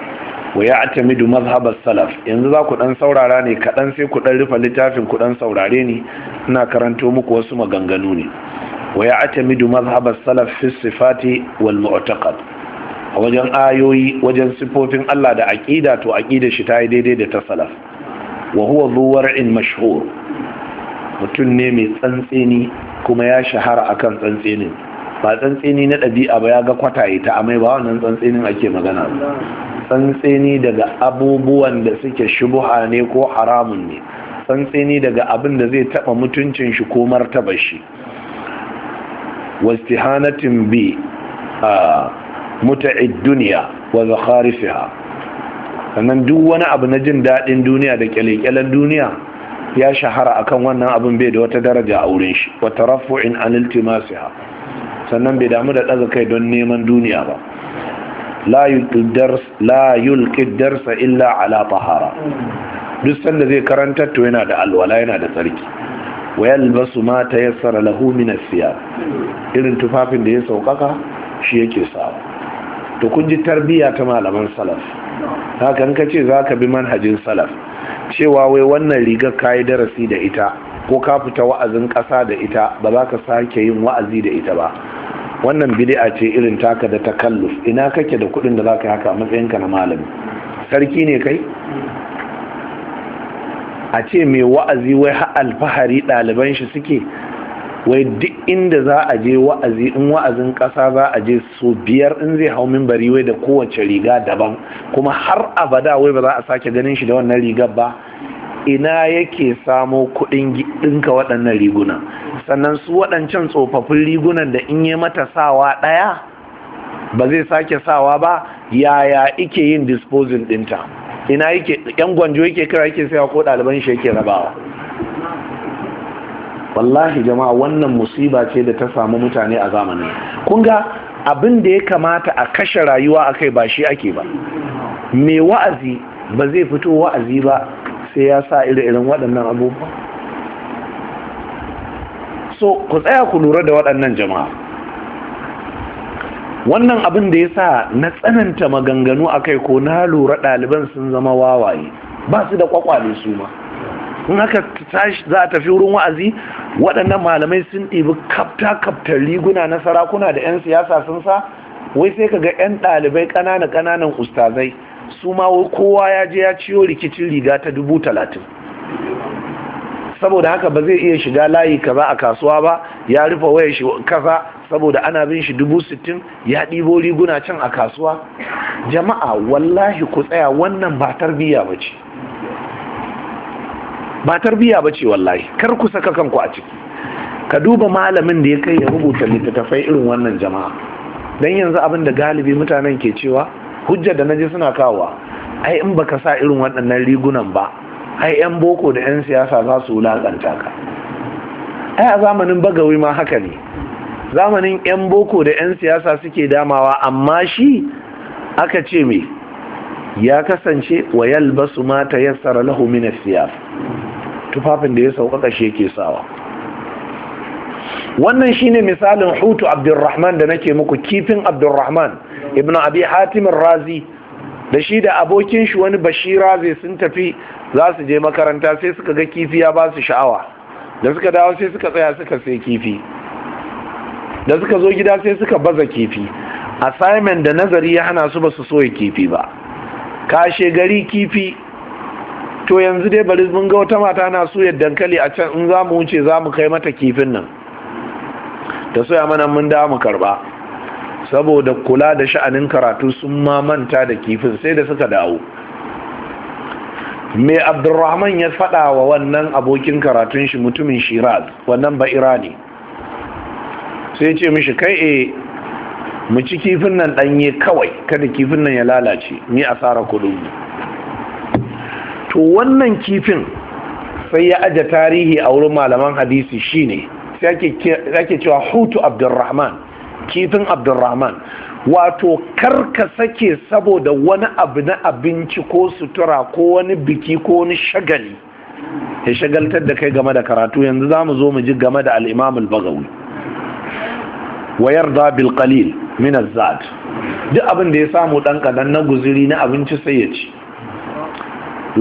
S1: wa ya atamidu mazhabar salaf yanzu za ku dan saurara ne kaɗan sai ku dan rufe littafin ku dan saurare ni ina karanto muku wasu maganganu ne wa ya atamidu mazhabar salaf fi sifati wal mu'taqad a wajen ayoyi wajen sifofin Allah da aƙida to aƙida shi ta yi daidai da ta salaf wa huwa in mashhur mutum ne mai tsantseni kuma ya shahara akan tsantsenin ba tsantseni na ɗabi'a ba ya ga kwataye ta amai ba wannan tsantsenin ake magana tsantseni daga abubuwan da suke shubuha ne ko haramun ne tsantseni daga abin da zai taba mutuncin shi ko martaba shi wastihanatin bi a muta'id duniya wa zakharifiha sannan duk wani abu na jin daɗin duniya da kyalekyalen duniya ya shahara akan wannan abin bai da wata daraja a wurin shi wa tarafu'in an iltimasiha sannan bai damu da ɗaga kai don neman duniya ba la yulki darsa illa ala tahara duk sanda zai karantar to yana da alwala yana da tsarki wa yalbasu ma tayassara lahu min as irin tufafin da ya saukaka shi yake sawa to kun ji tarbiyya ta malaman salaf haka in ka ce za ka bi manhajin salaf cewa wai wannan rigar yi darasi da ita ko ka fita wa'azin ƙasa da ita ba za ka sake yin wa'azi da ita ba wannan bid'a ce irin taka da takalluf ina kake da kuɗin da za ka haka a matsayinka na malami sarki ne kai a ce mai wa'azi wai har alfahari ɗaliban shi suke wai duk inda za a je wa'azi in wa'azin ƙasa za a je su biyar in zai hau mimbari wai da kowace riga daban kuma har abada wai ba za a sake ganin shi da wannan rigar ba ina yake samo kuɗin ɗinka waɗannan riguna sannan su waɗancan tsofaffin rigunan da in yi mata sawa ɗaya ba zai sake sawa ba yaya ike yin disposal ɗinta ina yake yan gwanjo yake kira yake sayawa ko ɗaliban shi yake rabawa wallahi jama'a wannan musiba ce da ta samu mutane a zamanin kun ga abin da ya kamata a kashe rayuwa a kai ba shi ake ba mai wa'azi ba zai fito wa'azi ba sai ya sa iri waɗannan abubuwa so ku tsaya ku lura da waɗannan jama'a wannan abin da ya sa na tsananta maganganu a kai ko na lura ɗaliban sun zama wawaye ba su da kwakwale su ma in haka tashi za a tafi wurin wa'azi waɗannan malamai sun ɗibi kafta kaftar riguna na sarakuna da 'yan siyasa sun sa wai sai ka ga 'yan ɗalibai ƙananan ƙananan ustazai su ma wai kowa ya je ya ciyo rikicin riga ta dubu talatin saboda haka ba zai iya shiga layi kaza a kasuwa ba ya rufe wayar shi kaza saboda ana bin shi dubu sittin ya ɗibo riguna can a kasuwa jama'a wallahi ku tsaya wannan ba tarbiyya ba ce ba tarbiya ba ce wallahi kar ku saka kanku a ciki ka duba malamin da ya kai ya rubuta littattafai irin wannan jama'a dan yanzu abin da galibi mutanen ke cewa hujja da naje suna kawowa ai in baka sa irin waɗannan rigunan ba ai yan boko da yan siyasa za su wulakanta ka ai a zamanin bagawi ma haka ne zamanin yan boko da yan siyasa suke damawa amma shi aka ce me ya kasance wa yalbasu mata yassara lahu min siyasa tufafin da ya sauƙaƙa shi ke sawa wannan shine misalin hutu abdurrahman da nake muku kifin abdurrahman ibn abi hatimin razi da shi da abokin shi wani bashira zai sun tafi za su je makaranta sai suka ga kifi ya ba su sha'awa da suka dawo sai suka tsaya suka sai kifi da suka zo gida sai suka baza kifi assignment da nazari ya hana su ba su soya kifi ba kashe gari kifi to yanzu dai bari mun ga wata mata na suyar dankali a can in za mu wuce za mu kai mata kifin nan ta soya mana mun da mu karba saboda kula da sha'anin karatu sun ma manta da kifin sai da suka dawo mai abdurrahman ya faɗa wa wannan abokin karatun shi mutumin shiraz wannan ba ne? sai ce mishi kai e mu ci kifin nan ɗanye kawai kada kifin nan ya lalace ni asara kudin mu to wannan kifin sai ya aje tarihi a wurin malaman hadisi shine sai ake cewa hutu abdurrahman kifin abdurrahman wato kar ka sake saboda wani abu na abinci ko sutura ko wani biki ko wani shagali ya shagaltar da kai game da karatu yanzu za mu zo mu ji game da al'imam al-bagawi wayar da bil qalil min duk abin da ya samu dan kadan na guziri na abinci sai ya ci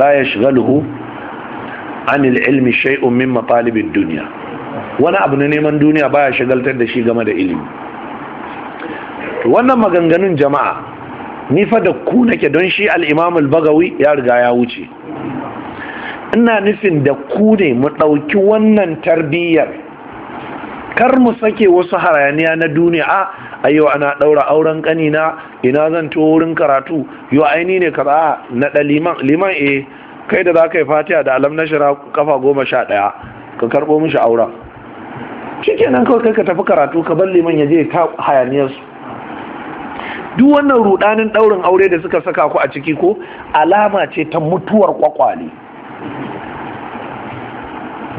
S1: لا يشغله anil ilmi شيء min مطالب الدنيا wani abu na neman duniya baya shagaltar da shi game da ilimi wannan maganganun jama'a ni fa da ku nake don shi al-imam al-bagawi ya riga ya wuce ina nufin da ku ne mu ɗauki wannan tarbiyyar kar mu sake wasu harayaniya na duniya a yau ana daura auren kanina ina zan to wurin karatu yo aini ne kaza na da liman liman eh kai da zaka yi fatiha da alam nashra kafa goma sha ɗaya ka karbo mishi auren shikenan kawai kai ka tafi karatu ka bar liman ya je ta hayaniyar su duk wannan rudanin daurin aure da suka saka ku a ciki ko alama ce ta mutuwar kwakwale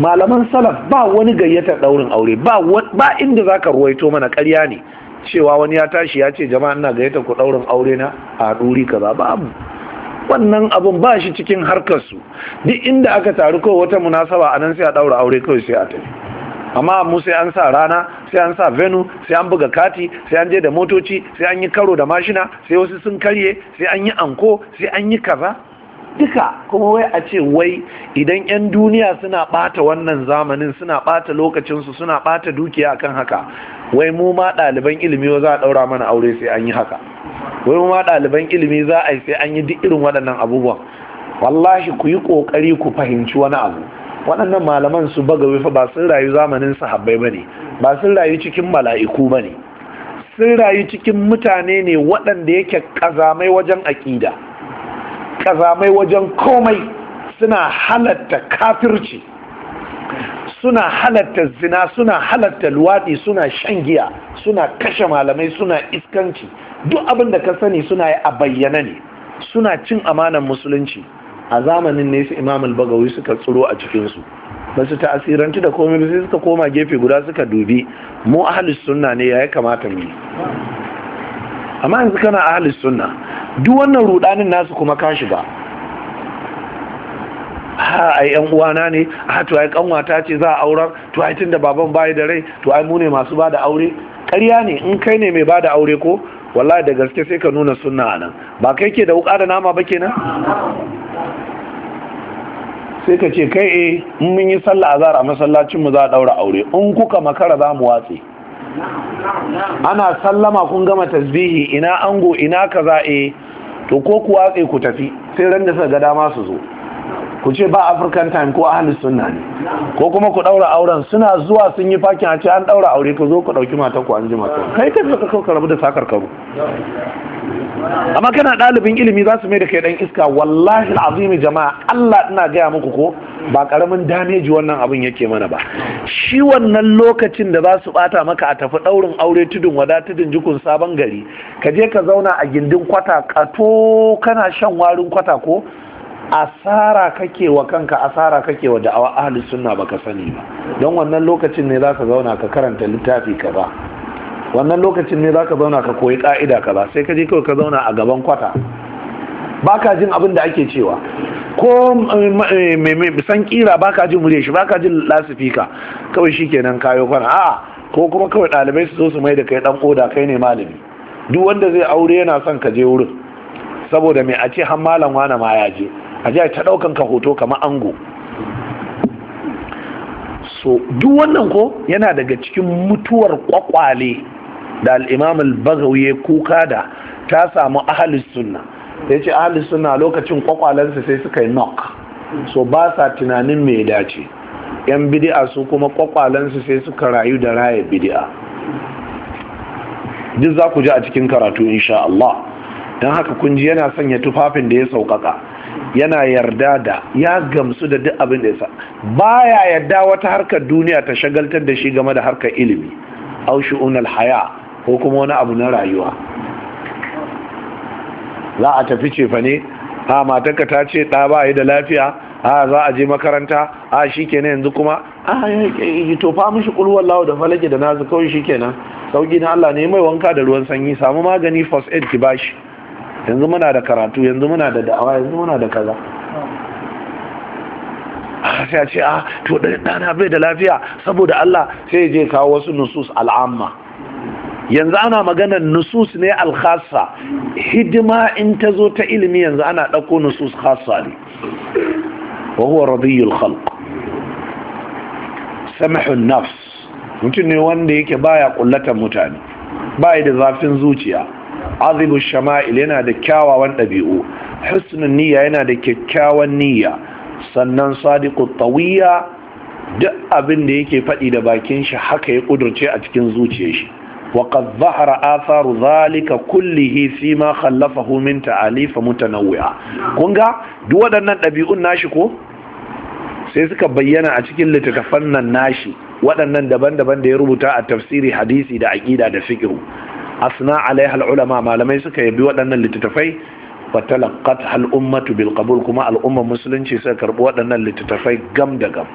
S1: malaman salaf ba wani gayyatar daurin aure ba inda za ka ruwaito mana karya ne cewa wani ya tashi ya ce jama'a ina gayyata ku ɗaurin aure na a ɗuri kaza babu wannan abun ba shi cikin harkarsu. duk inda aka taru kawai wata munasaba nan sai a ɗaura aure kawai sai a tafi amma mu sai an sa rana sai an sa venu sai an buga kati sai an je da motoci sai an yi karo da mashina sai wasu sun karye sai an yi anko sai an yi kaza duka kuma wai a ce wai idan 'yan duniya suna ɓata wannan zamanin suna ɓata lokacinsu suna ɓata dukiya kan haka wai mu ma ɗaliban ilimi za a ɗaura mana aure sai an yi haka wai mu ma ɗaliban ilimi za a yi sai an yi duk irin waɗannan abubuwan wallahi ku yi ƙoƙari ku fahimci wani abu waɗannan malaman su baga fa ba sun rayu zamanin sahabbai ba ne ba sun rayu cikin mala'iku ba ne sun rayu cikin mutane ne waɗanda yake ƙazamai wajen aƙida kazamai wajen komai suna halatta kafirci suna halatta zina suna halatta luwaɗi suna shan giya suna kashe malamai suna iskanci duk abin da ka sani suna yi a bayyana ne suna cin amanan musulunci a zamanin ne su imamul bagawi suka tsiro a cikinsu ba su ta'asirantu da komai sai suka koma gefe guda suka dubi mu ahlus sunna ne ya kamata mu amma yanzu kana ahlus sunna duk wannan rudanin nasu kuma ka shiga ha ai yan uwana ne ha to ai kanwata ce za a aurar to ai tunda baban bayi da rai to ai mu ne masu bada aure ƙarya ne in kai ne mai bada aure ko wallahi da gaske sai ka nuna sunna anan ba kai ke da wuka da nama ba kenan sai ka ce kai e! in mun yi sallah azhar a masallacin mu za a daura aure in kuka makara za mu watse ana sallama kun gama tasbihi ina ango ina kaza eh to ko ku watse ku tafi sai ran da suka ga dama su zo ku ce ba african time ko ahli sunna ne ko kuma ku daura auren suna zuwa sun yi fakin a ce an daura aure ka zo ku dauki mata ku an ji mata. kai ka ka rabu da sakar karo amma kana ɗalibin ilimi za su mai da kai dan iska wallahi alazim jama'a Allah ina gaya muku ko ba karamin dameji wannan abun yake mana ba shi wannan lokacin da za su bata maka a tafi daurin aure tudun wada tudun jikun sabon gari ka je ka zauna a gindin kwata kato kana shan warin kwata ko asara kake wa kanka asara kake wa da'awa ahli sunna baka sani ba don wannan lokacin ne zaka zauna ka karanta littafi kaza wannan lokacin ne zaka zauna ka koyi ka'ida kaza sai ka je kawai ka zauna a gaban kwata baka jin abin da ake cewa ko eh, mai san kira baka jin mure shi baka jin lasifika kawai shikenan kayo kwana a'a ko kuma kawai dalibai su zo su mai da kai dan koda kai ne malami duk wanda zai aure yana son ka je wurin saboda mai a ce har malam wani ma ya je a ji ta daukan ka hoto kamar ango so duk wannan ko yana daga cikin mutuwar kwakwale da al bazawi ya kuka da ta samu ahli sunna ya ce ahli suna lokacin kwakwalensa sai suka yi knock so ba sa tunanin mai dace yan bidi'a su kuma kwakwalensa sai suka rayu da raya bidi'a duk za ku ji a cikin karatu insha Allah don haka kun ji yana sanya tufafin da ya sauƙaƙa yana yarda da ya gamsu da duk abin da ya sa baya yarda wata harkar duniya ta shagaltar da shi game da harkar ilimi au shu'unal haya ko kuma wani abu na rayuwa za a tafi cefa ne a matarka ta ce ɗa ba yi da lafiya a za a je makaranta a shi yanzu kuma a yi tofa mishi kulwar lawo da falage da nazu kawai shi kenan sauki na Allah ne mai wanka da ruwan sanyi samu magani first aid ki bashi yanzu muna da karatu yanzu muna da da'awa yanzu muna da kaza ah, sai ce a ah, to dana bai da lafiya saboda Allah sai ya je kawo wasu nusus al'amma yanzu ana maganar nusus ne alkhassa hidima in ta zo ta ilimi yanzu ana ɗauko nusus khassa ne wa huwa radiyul khalq samahun nafs mutum ne wanda yake baya kullata mutane baya da zafin zuciya azibu shama'il yana da kyawawan ɗabi'u husnun niyya yana da kyakkyawan niyya sannan sadiqu tawiyya duk abin da yake faɗi da bakin shi haka ya ƙudurce a cikin zuciyar shi wa qad zahara atharu zalika kullihi fi ma khallafahu min ta'alifa mutanawwi'a kun ga duk waɗannan ɗabi'un nashi ko sai suka bayyana a cikin littattafan nan nashi waɗannan daban-daban da ya rubuta a tafsiri hadisi da aƙida da fikiru asna alaiha ulama malamai suka yabi waɗannan littattafai fatalaqat al'ummatu bil qabul kuma al'ummar musulunci suka karɓi waɗannan littattafai gam da gam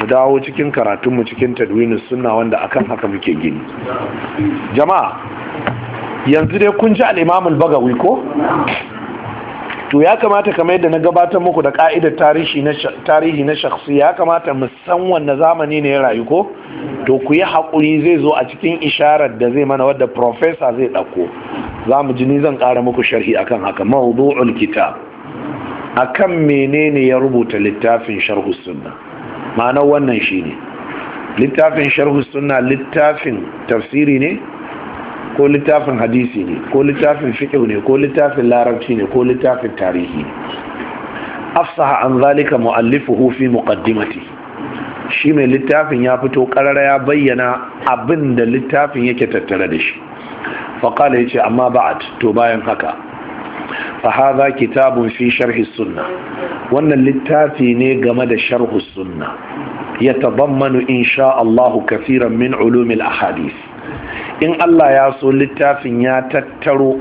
S1: mu dawo cikin karatunmu cikin tadwinus sunna wanda akan haka muke gini jama'a yanzu dai kun ji al-imam al-bagawi ko to ya kamata kamar yadda na gabatar muku da ka'idar tarihi na shakhsi ya kamata mu san wanne zamani ne ya rayu ko to ku yi haƙuri zai zo a cikin isharar da zai mana wadda profesa zai ɗauko za mu ji ni zan ƙara muku sharhi akan haka mawdu'ul kitab akan menene ya rubuta littafin sharhu sunna ma'anar wannan shine littafin sharhu sunna littafin tafsiri ne ko littafin hadisi ne ko littafin fiqh ne ko littafin larabci ne ko littafin tarihi afsaha an zalika mu'allifuhu fi muqaddimati shi mai littafin ya fito karara ya bayyana abin da littafin yake tattare da shi faqala yace amma ba'ad to bayan haka fa hadha kitabun fi sharhi sunna wannan littafi ne game da sharhu sunna yatadammanu insha Allah kaseeran min ulumil ahadith in Allah ya so littafin ya tattaro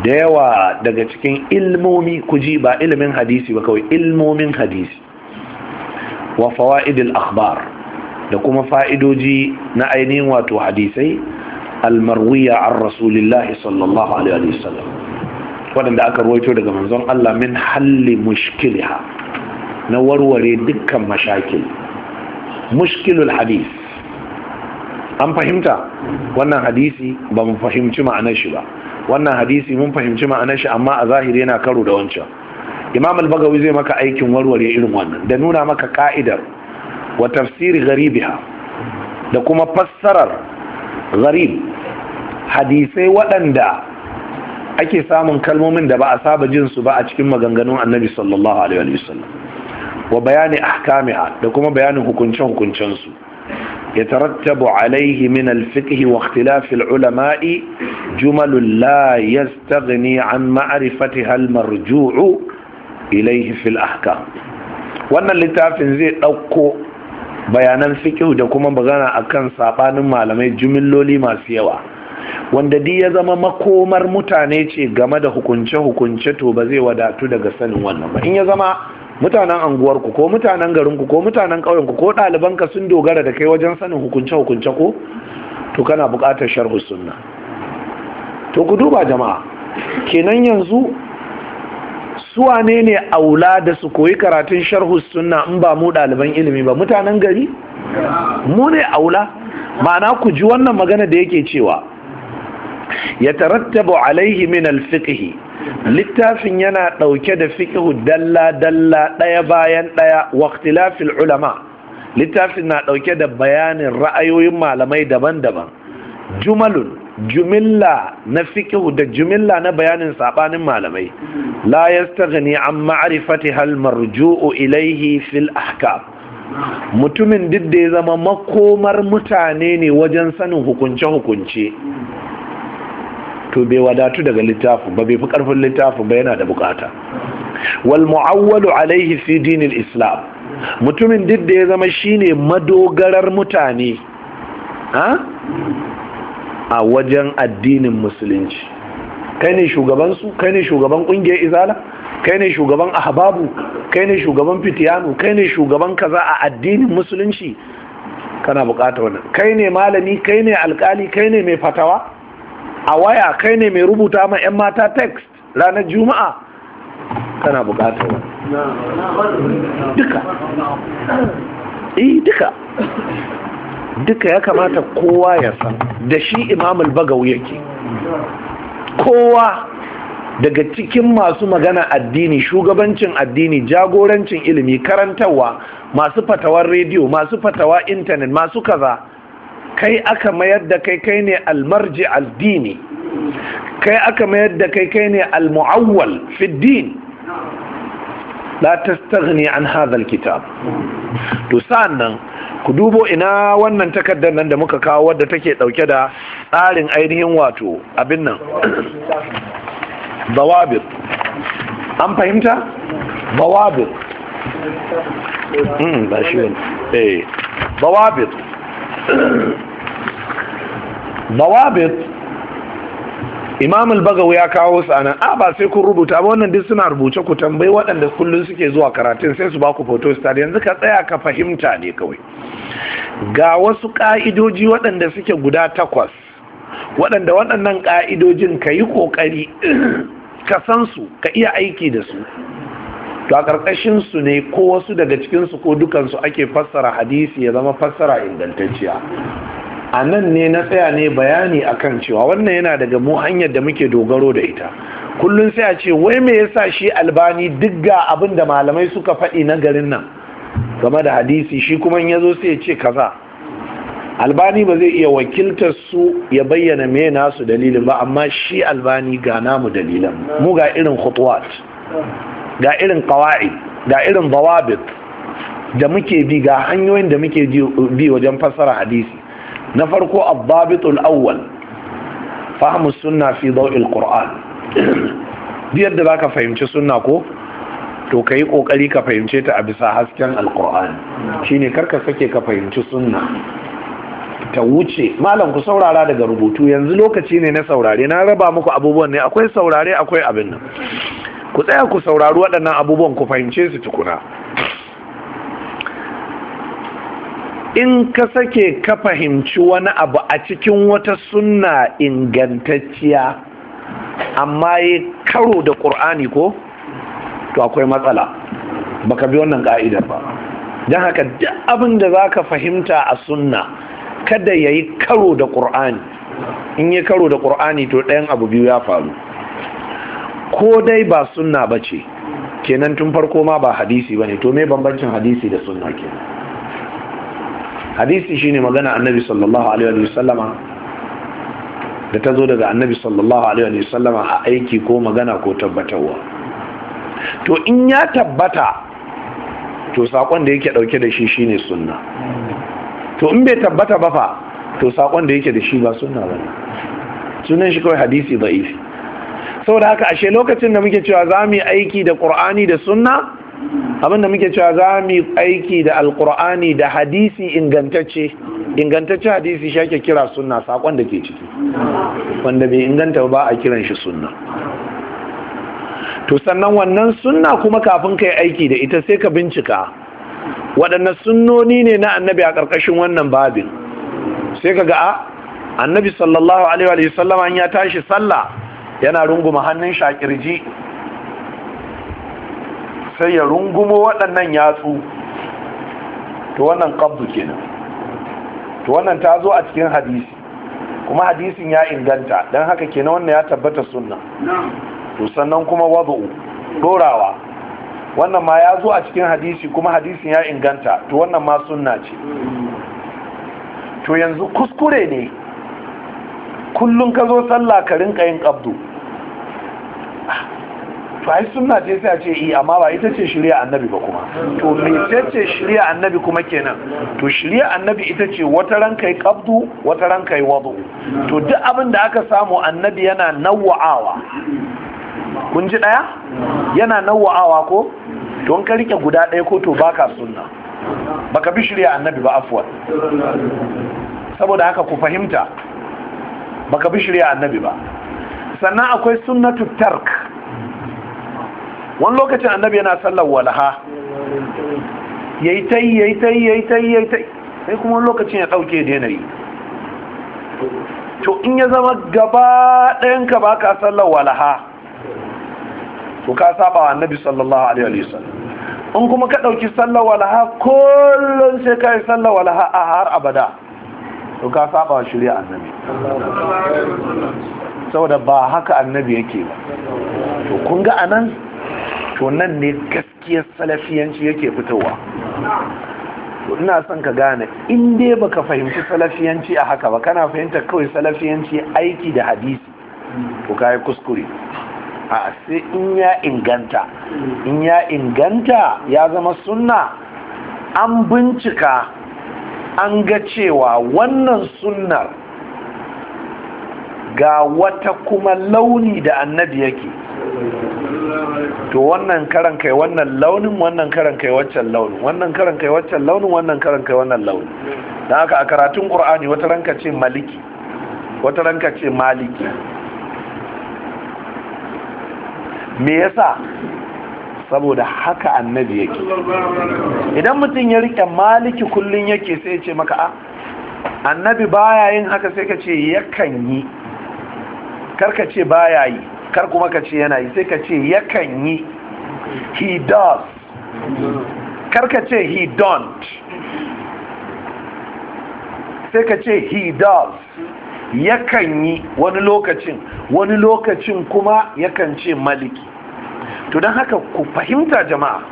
S1: da yawa daga cikin ilmomi ku ji ba ilimin hadisi ba kawai ilmomin hadisi wa fawa'idil akhbar da kuma fa'idoji na ainihin wato hadisai almarwiya an rasulillahi sallallahu alaihi wasallam waɗanda aka ruwaito daga manzon Allah min halli mushkiliha na warware dukkan mashakil mushkilul hadis an fahimta wannan hadisi ba mu fahimci ma'anar shi ba wannan hadisi mun fahimci ma'anar shi amma a zahiri yana karo da wancan imam al-bagawi zai maka aikin warware irin wannan da nuna maka ka'idar wa tafsiri gharibiha da kuma fassarar gharib hadisai waɗanda ake samun kalmomin da ba a saba jin su ba a cikin maganganun annabi sallallahu alaihi sallam wa bayani ahkamiha da kuma bayanin hukunce hukuncen su يترتب عليه من الفقه واختلاف العلماء جمل لا يستغني عن معرفتها المرجوع ilaihi في الأحكام Wannan littafin zai ɗauko bayanan fikihu da kuma magana akan saɓanin malamai jumilloli masu yawa wanda di ya zama makomar mutane ce game da hukunce-hukunce to ba zai wadatu daga sanin wannan ba in ya zama mutanen anguwarku ko mutanen garinku ko mutanen ƙauyenku ko ɗalibanka sun dogara da kai wajen sanin hukunce-hukunce ko to kana buƙatar sharhu sunna to ku duba jama'a kenan yanzu suwane ne aula da su koyi karatun sharhu sunna in ba mu ɗaliban ilimi ba mutanen gari mu ne aula ma'ana ku ji wannan magana da yake cewa ya tarattabu alaihi min alfiqhi littafin yana ɗauke da fiƙihu dalla-dalla ɗaya bayan ɗaya waktilafil ulama littafin na ɗauke da bayanin ra'ayoyin malamai daban-daban jumalun jumilla na fiƙihu da jumilla na bayanin saɓanin malamai la yastaghni an ma'arifati hal marju'u ilaihi fil ahka. mutumin duk da ya zama makomar mutane ne wajen sanin hukunce-hukunce to bai wadatu daga littafin ba bai fi karfin littafi ba yana da bukata wal mu'awwalu alaihi fi dinil islam mutumin duk da ya zama shine madogarar mutane a wajen addinin musulunci kai ne shugaban su kai ne shugaban kungiyar izala kai ne shugaban ahbabu kai ne shugaban fitiyanu kai ne shugaban kaza a addinin musulunci kana bukata wannan kai ne malami kai ne alkali kai ne mai fatawa a waya kai ne mai rubuta ma 'yan mata text ranar juma'a kana bukatar wani duka eh duka duka ya kamata kowa ya san da shi imamul bagau yake kowa daga cikin masu magana addini shugabancin addini jagorancin ilimi karantarwa masu fatawar rediyo masu fatawa intanet masu kaza kai aka mayar da kai kai ne almarji aldini kai aka mayar da kai kai ne almu'awwal fi din la tastaghni an hadha alkitab to sannan ku dubo ina wannan takardar nan da muka kawo wadda take dauke da tsarin ainihin wato abin nan dawabit an fahimta
S2: mm ba shi
S1: eh dawabit ضوابط امام البغوي ya kawo su anan a ah, ba sai kun rubuta ba wannan duk suna rubuce ku tambayi waɗanda kullun suke zuwa karatun sai su ku photo study yanzu ka tsaya ka fahimta ne kawai ga wasu ƙa'idoji waɗanda suke guda takwas waɗanda waɗannan ƙa'idojin ka yi ƙoƙari ka san su ka iya aiki da su to a ƙarƙashin su ne ko wasu daga cikin su ko dukansu ake fassara hadisi ya zama fassara ingantacciya a nan ne na tsaya ne bayani akan cewa wannan yana daga mu hanyar da muke dogaro da ita kullum sai a ce wai me yasa shi albani duk ga abin da malamai suka faɗi na garin nan game da hadisi shi kuma in ya zo sai ya ce kaza albani ba zai iya wakiltar su ya bayyana me nasu dalilin ba amma shi albani ga namu dalilan mu ga irin khutuwat ga irin kawai ga irin zawabit da muke bi ga hanyoyin da muke bi wajen fassara hadisi na farko abbabitul awwal fahmu sunna fi dawil qur'an biyar da ka fahimci sunna ko to ka yi ƙoƙari ka fahimce ta a bisa hasken shi shine karka sake ka fahimci sunna ta wuce malam ku saurara daga rubutu yanzu lokaci ne na saurare na raba muku abubuwan ne akwai saurare akwai abin nan ku tsaya ku saurari waɗannan abubuwan ku fahimce su tukuna in ka sake ka fahimci wani abu a cikin wata sunna ingantacciya amma ya karo da ƙur'ani ko to akwai matsala baka bi wannan ka'idar ba don haka duk abin da za ka fahimta a sunna kada ya yi karo da ƙur'ani in yi karo da ƙur'ani to ɗayan abu biyu ya faru ko dai ba sunna ba ce kenan tun farko ma ba hadisi ba ne to me bambancin hadisi da sunna kenan hadisi shine magana annabi sallallahu alaihi wa sallama da ta zo daga annabi sallallahu alaihi wa sallama a aiki ko magana ko tabbatarwa to in ya tabbata to sakon da yake dauke da shi shine sunna to in bai tabbata ba fa to sakon da yake da shi ba sunna ba ne sunan shi kawai hadisi da'ifi saboda haka ashe lokacin da muke cewa za mu yi aiki da ƙur'ani da sunna abin da muke cewa za mu yi aiki da alƙur'ani da hadisi ingantacce ingantacce hadisi shi ake kira sunna saƙon da ke ciki wanda bai inganta ba a kiran shi sunna to sannan wannan sunna kuma kafin ka yi aiki da ita sai ka bincika waɗanne sunnoni ne na annabi a ƙarƙashin wannan babin sai ka ga a annabi sallallahu alaihi wa sallam ya tashi sallah yana runguma hannun shakirji sai ya rungumo waɗannan yatsu to wannan qabdu kenan to wannan ta zo a cikin hadisi kuma hadisin ya inganta don haka kenan wannan ya tabbata sunna to sannan kuma wadu'u dorawa wannan ma ya zo a cikin hadisi kuma hadisin ya inganta to wannan ma sunna ce to yanzu kuskure ne kullum ka zo sallah ka rinka yin ƙabdu. to ai sunna ce sai a ce yi amma ba ita ce shirya annabi ba kuma to me ce shirya annabi kuma kenan to shirya annabi ita ce wata ran kai qabdu wata ran kai wadu to duk abin da aka samu annabi yana nawa'awa kun ji daya yana nawa'awa ko don ka rike guda daya ko to baka sunna baka bi shirya annabi ba afwan saboda haka ku fahimta baka bi shirya annabi ba sannan akwai sunnatu tark wani lokacin annabi yana sallar walaha yayi tai yayi tai yayi tai yayi tai sai kuma wani lokacin ya dauke daina yi to in ya zama gaba ɗayan ka ba ka sallar walaha to ka saba wa annabi sallallahu alaihi wa sallam in kuma ka ɗauki sallar walaha kullum sai ka yi sallar walaha a har abada to ka saba wa shirya annabi saboda ba haka annabi yake ba to kun ga anan to nan ne gaskiyar salafiyanci yake fitowa to ina son ka gane in dai baka fahimci salafiyanci a haka ba kana fahimta kawai salafiyanci aiki da hadisi to kai kuskure a sai in ya inganta in ya inganta ya zama sunna an bincika an ga cewa wannan sunnar ga wata kuma launi da annabi yake to wannan karan kai wannan launin wannan karan kai waccan launin wannan karan kai waccan launin wannan karan kai wannan launin don haka a karatun qur'ani wata ranka ce maliki wata ranka ce maliki me yasa saboda haka annabi yake idan mutum ya rike maliki kullun yake sai ya ce maka a ah, annabi baya yin haka sai ka ce yakan yi kar ka ce baya yi kar kuma ka ce yana yi sai ka ce yakan yi he does kar ce he don't sai ka ce he does yakan yi wani lokacin wani lokacin kuma yakan ce maliki to don haka ku fahimta jama'a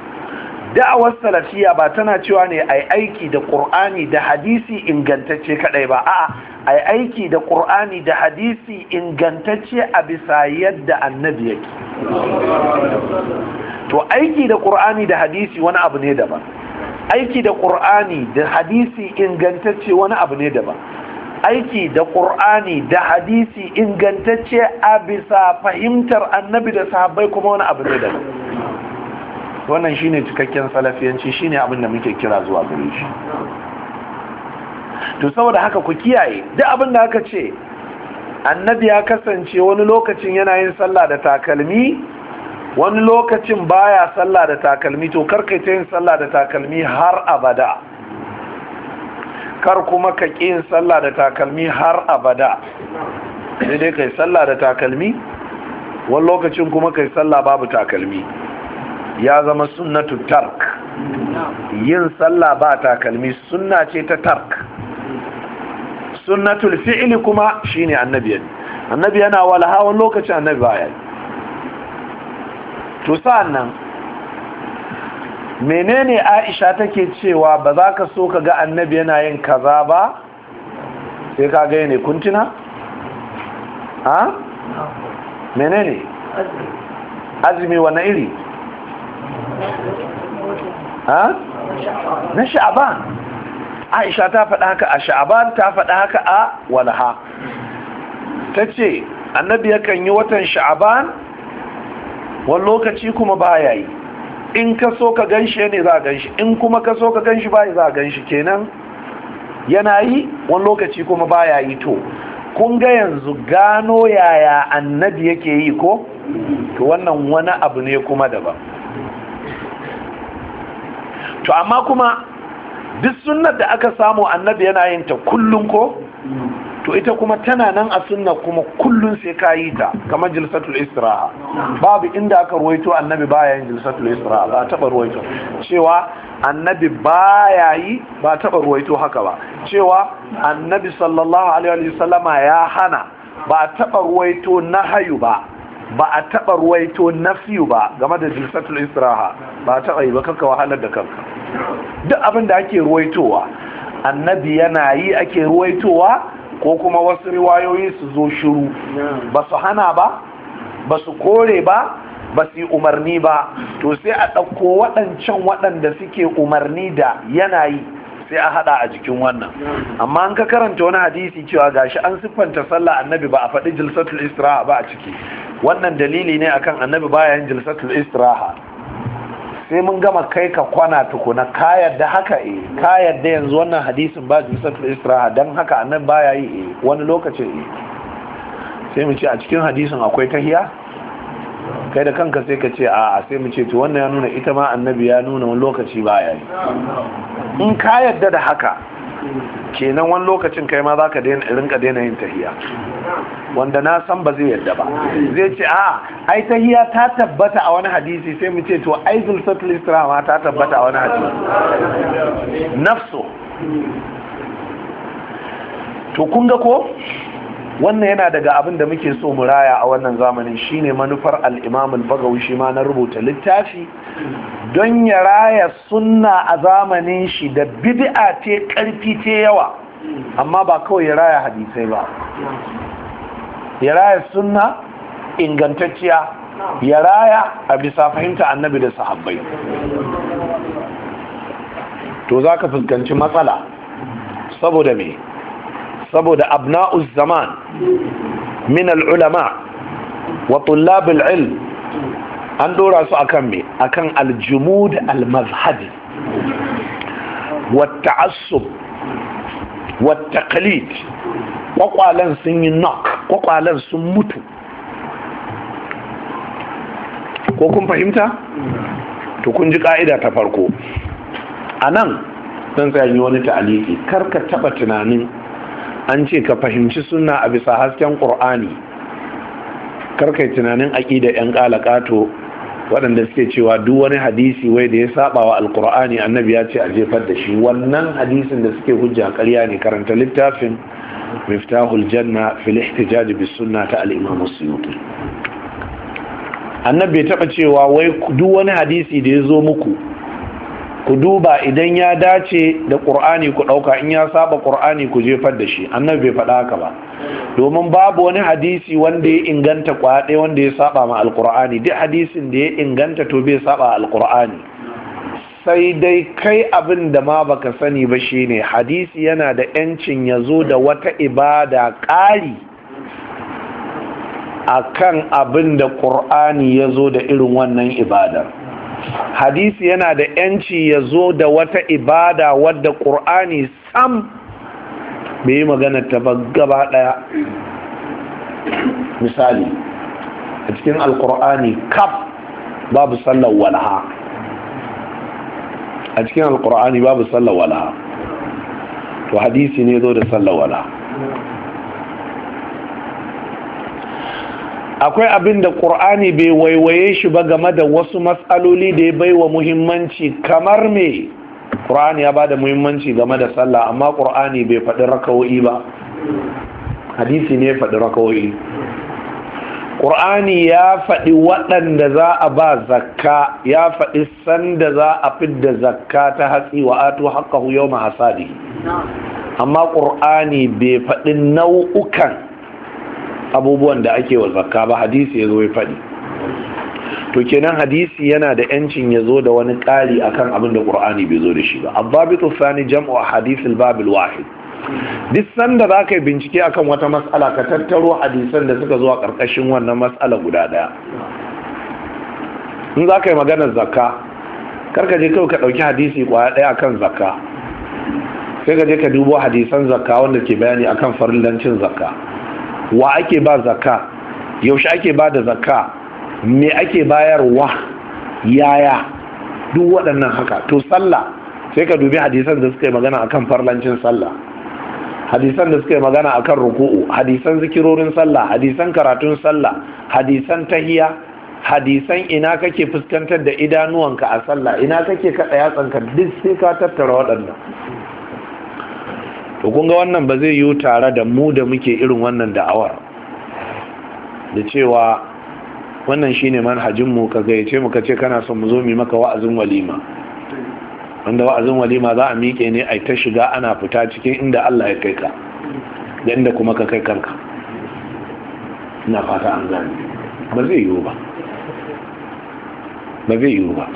S1: da'awar salafiya ba tana cewa ne a aiki da ƙur'ani da hadisi ingantacce kadai ba a'a a aiki da ƙur'ani da hadisi ingantacce a bisa yadda annabi yake to aiki da ƙur'ani da hadisi wani abu ne daban aiki da ƙur'ani da hadisi ingantacce wani abu ne daban aiki da ƙur'ani da hadisi ingantacce a bisa fahimtar annabi da sahabbai kuma wani abu ne daban wannan shine cikakken salafiyanci shine abin da muke kira zuwa gare shi to saboda haka ku kiyaye duk abin da aka ce annabi ya kasance wani lokacin yana yin sallah da takalmi wani lokacin baya sallah da takalmi to kar ta yin sallah da takalmi har abada kar kuma ka ƙi yin sallah da takalmi har abada sai dai kai sallah da takalmi wani lokacin kuma kai sallah babu takalmi ya zama sunnatu tark yin sallah ba takalmi sunna ce ta tark sunnatul fi'li kuma shine annabi annabi yana walaha wani lokaci annabi baya to sa'annan menene Aisha take cewa ba za ka so ka ga annabi yana yin kaza ba sai ka ga ne kuntina ha menene azumi wa iri ha na sha'aban aisha ta faɗa haka a sha'aban ta faɗa haka a walha ta ce annabi yakan yi watan sha'aban wani lokaci kuma ba ya yi in ka so ka gan shi ne za a gan shi in kuma ka so ka gan shi ya za a gan shi kenan yana yi wani lokaci kuma ba ya yi to kun ga yanzu gano yaya annabi yake yi ko to wannan wani abu ne kuma daban to amma kuma duk sunnar da aka samu annabi yana yin ta kullum ko to ita kuma tana nan a sunna kuma kullum sai ka yi ta kamar jilsatul isra'a. babu inda aka ruwaito annabi baya yin jilsatul isra'a, ba taba ruwaito cewa annabi baya yi ba taba ruwaito haka ba cewa annabi sallallahu alaihi wa ya hana ba taba ruwaito nahayu ba ba a taɓa ruwaito fiye ba game da jinsatul israha. ba a taɓa yi ba kanka wahalar da kanka duk abin da ake ruwaitowa annabi yana yi ake ruwaitowa ko kuma wasu riwayoyi su zo shiru ba su hana ba ba su kore ba ba su yi umarni ba to sai a ɗauko waɗancan waɗanda suke umarni da yanayi. yi sai a hada a jikin wannan amma an ka karanta wani hadisi cewa gashi an siffanta sallah annabi ba a faɗi jilsatul istiraha ba a ciki wannan dalili ne akan annabi bayan jilsatul istiraha sai mun gama kai ka kwana tukuna ka yadda haka eh ka yadda yanzu wannan hadisin ba jilsatul istiraha dan haka annabi baya yi eh wani lokacin eh sai mu ce a cikin hadisin akwai tahiya kai da kanka sai ka ce a sai mu ce to wannan ya nuna ita ma annabi ya nuna wani lokaci baya
S2: yi
S1: in ka yadda da haka kenan wani lokacin kai ma za ka rinka daina yin tahiya wanda na san ba zai yadda ba zai ce a ai tahiya ta tabbata a wani hadisi sai mu ce to ai zulfatul ta tabbata a wani hadisi nafsu to kun ga ko wannan yana daga abin da muke so mu raya a wannan zamanin shine manufar al'imamin, bagaushi ma na rubuta littafi don ya raya sunna a zamanin shi da bid'a ce karfi ce yawa amma ba kawai ya raya hadisai ba ya raya sunna ingantacciya ya raya a bisa fahimta annabi da sahabbai to za ka fuskanci matsala saboda me saboda abna'uz zaman min al'ulama wa tullabul ilm an dora su akan me akan aljumud al-mazhabi wa ta'assub wa taqlid kwakwalan sun yi knock kwakwalan sun mutu ko kun fahimta to kun ji ka'ida ta farko a nan zan yi wani ta'aliki kar ka taba tunanin an ce ka fahimci suna a bisa hasken ƙur'ani karkai tunanin aƙida 'yan ƙalaƙato waɗanda suke cewa duk wani hadisi wai da ya saba wa alƙur'ani annabi ya ce a jefar da shi wannan hadisin da suke hujja ƙarya ne karanta littafin miftahul janna fil ihtijaj bis sunna ta al-imam suyuti annabi ya taɓa cewa wai duk wani hadisi da ya zo muku ku duba idan ya dace da ƙur'ani ku ɗauka in ya saba ƙur'ani ku jefar da shi annabi bai faɗa haka ba domin babu wani hadisi wanda ya inganta kwaɗe wanda ya saba ma alƙur'ani duk hadisin da ya inganta to bai saba alƙur'ani sai dai kai abin da ma baka sani ba shine hadisi yana da 'yancin ya zo da wata ibada ƙari a kan abin da ƙur'ani ya zo da irin wannan ibadar hadisi yana da yanci ya zo da wata ibada wadda ƙur'ani sam bai yi magana ta ba gaba ɗaya misali a cikin alƙur'ani kaf babu sallar walha a cikin alƙur'ani babu sallar walha to hadisi ne zo da sallar walha akwai abin da ƙur'ani bai waiwaye shi ba game da wasu matsaloli da ya baiwa muhimmanci kamar me ƙur'ani ya ba da muhimmanci game da sallah amma ƙur'ani bai faɗi rakawo'i ba hadisi ne faɗi rakawo'i ƙur'ani ya faɗi waɗanda za a ba zakka ya faɗi sanda za a fidda zakka ta hatsi wa ato haƙƙahu yau amma ƙur'ani bai faɗi nau'ukan abubuwan da ake wa zakka ba hadisi ya zo ya faɗi to kenan hadisi yana da yancin ya zo da wani kari akan abin da ƙur'ani bai zo da shi ba abbabitu sani jam'u a al-babil wahid duk sanda za ka bincike akan wata matsala ka tattaro hadisan da suka zo a ƙarƙashin wannan matsala guda ɗaya in za ka yi maganar zakka karka je kawai ka ɗauki hadisi ƙwaya ɗaya akan zakka sai ka je ka dubo hadisan zakka wanda ke bayani akan farillancin zakka wa ake ba zaka yaushe ake ba da zakka me ake bayarwa yaya duk waɗannan haka to sallah sai ka dubi hadisan da suka yi magana akan farlancin sallah hadisan da suka yi magana akan ruku'u hadisan zikirorin sallah hadisan karatun sallah hadisan tahiya hadisan ina kake fuskantar da idanuwanka a sallah ina kake kaɗa yatsanka duk sai ka tattara waɗannan to kun ga wannan ba zai yiwu tare da mu da muke irin wannan da'awar da cewa wannan shine manhajin mu ka gayyace mu ka ce kana son mu zo mu maka wa'azin walima wanda wa'azin walima za a miƙe ne a ta shiga ana fita cikin inda Allah ya kai ka da inda kuma ka kai kanka ina fata an gane ba zai yiwu ba ba zai yiwu ba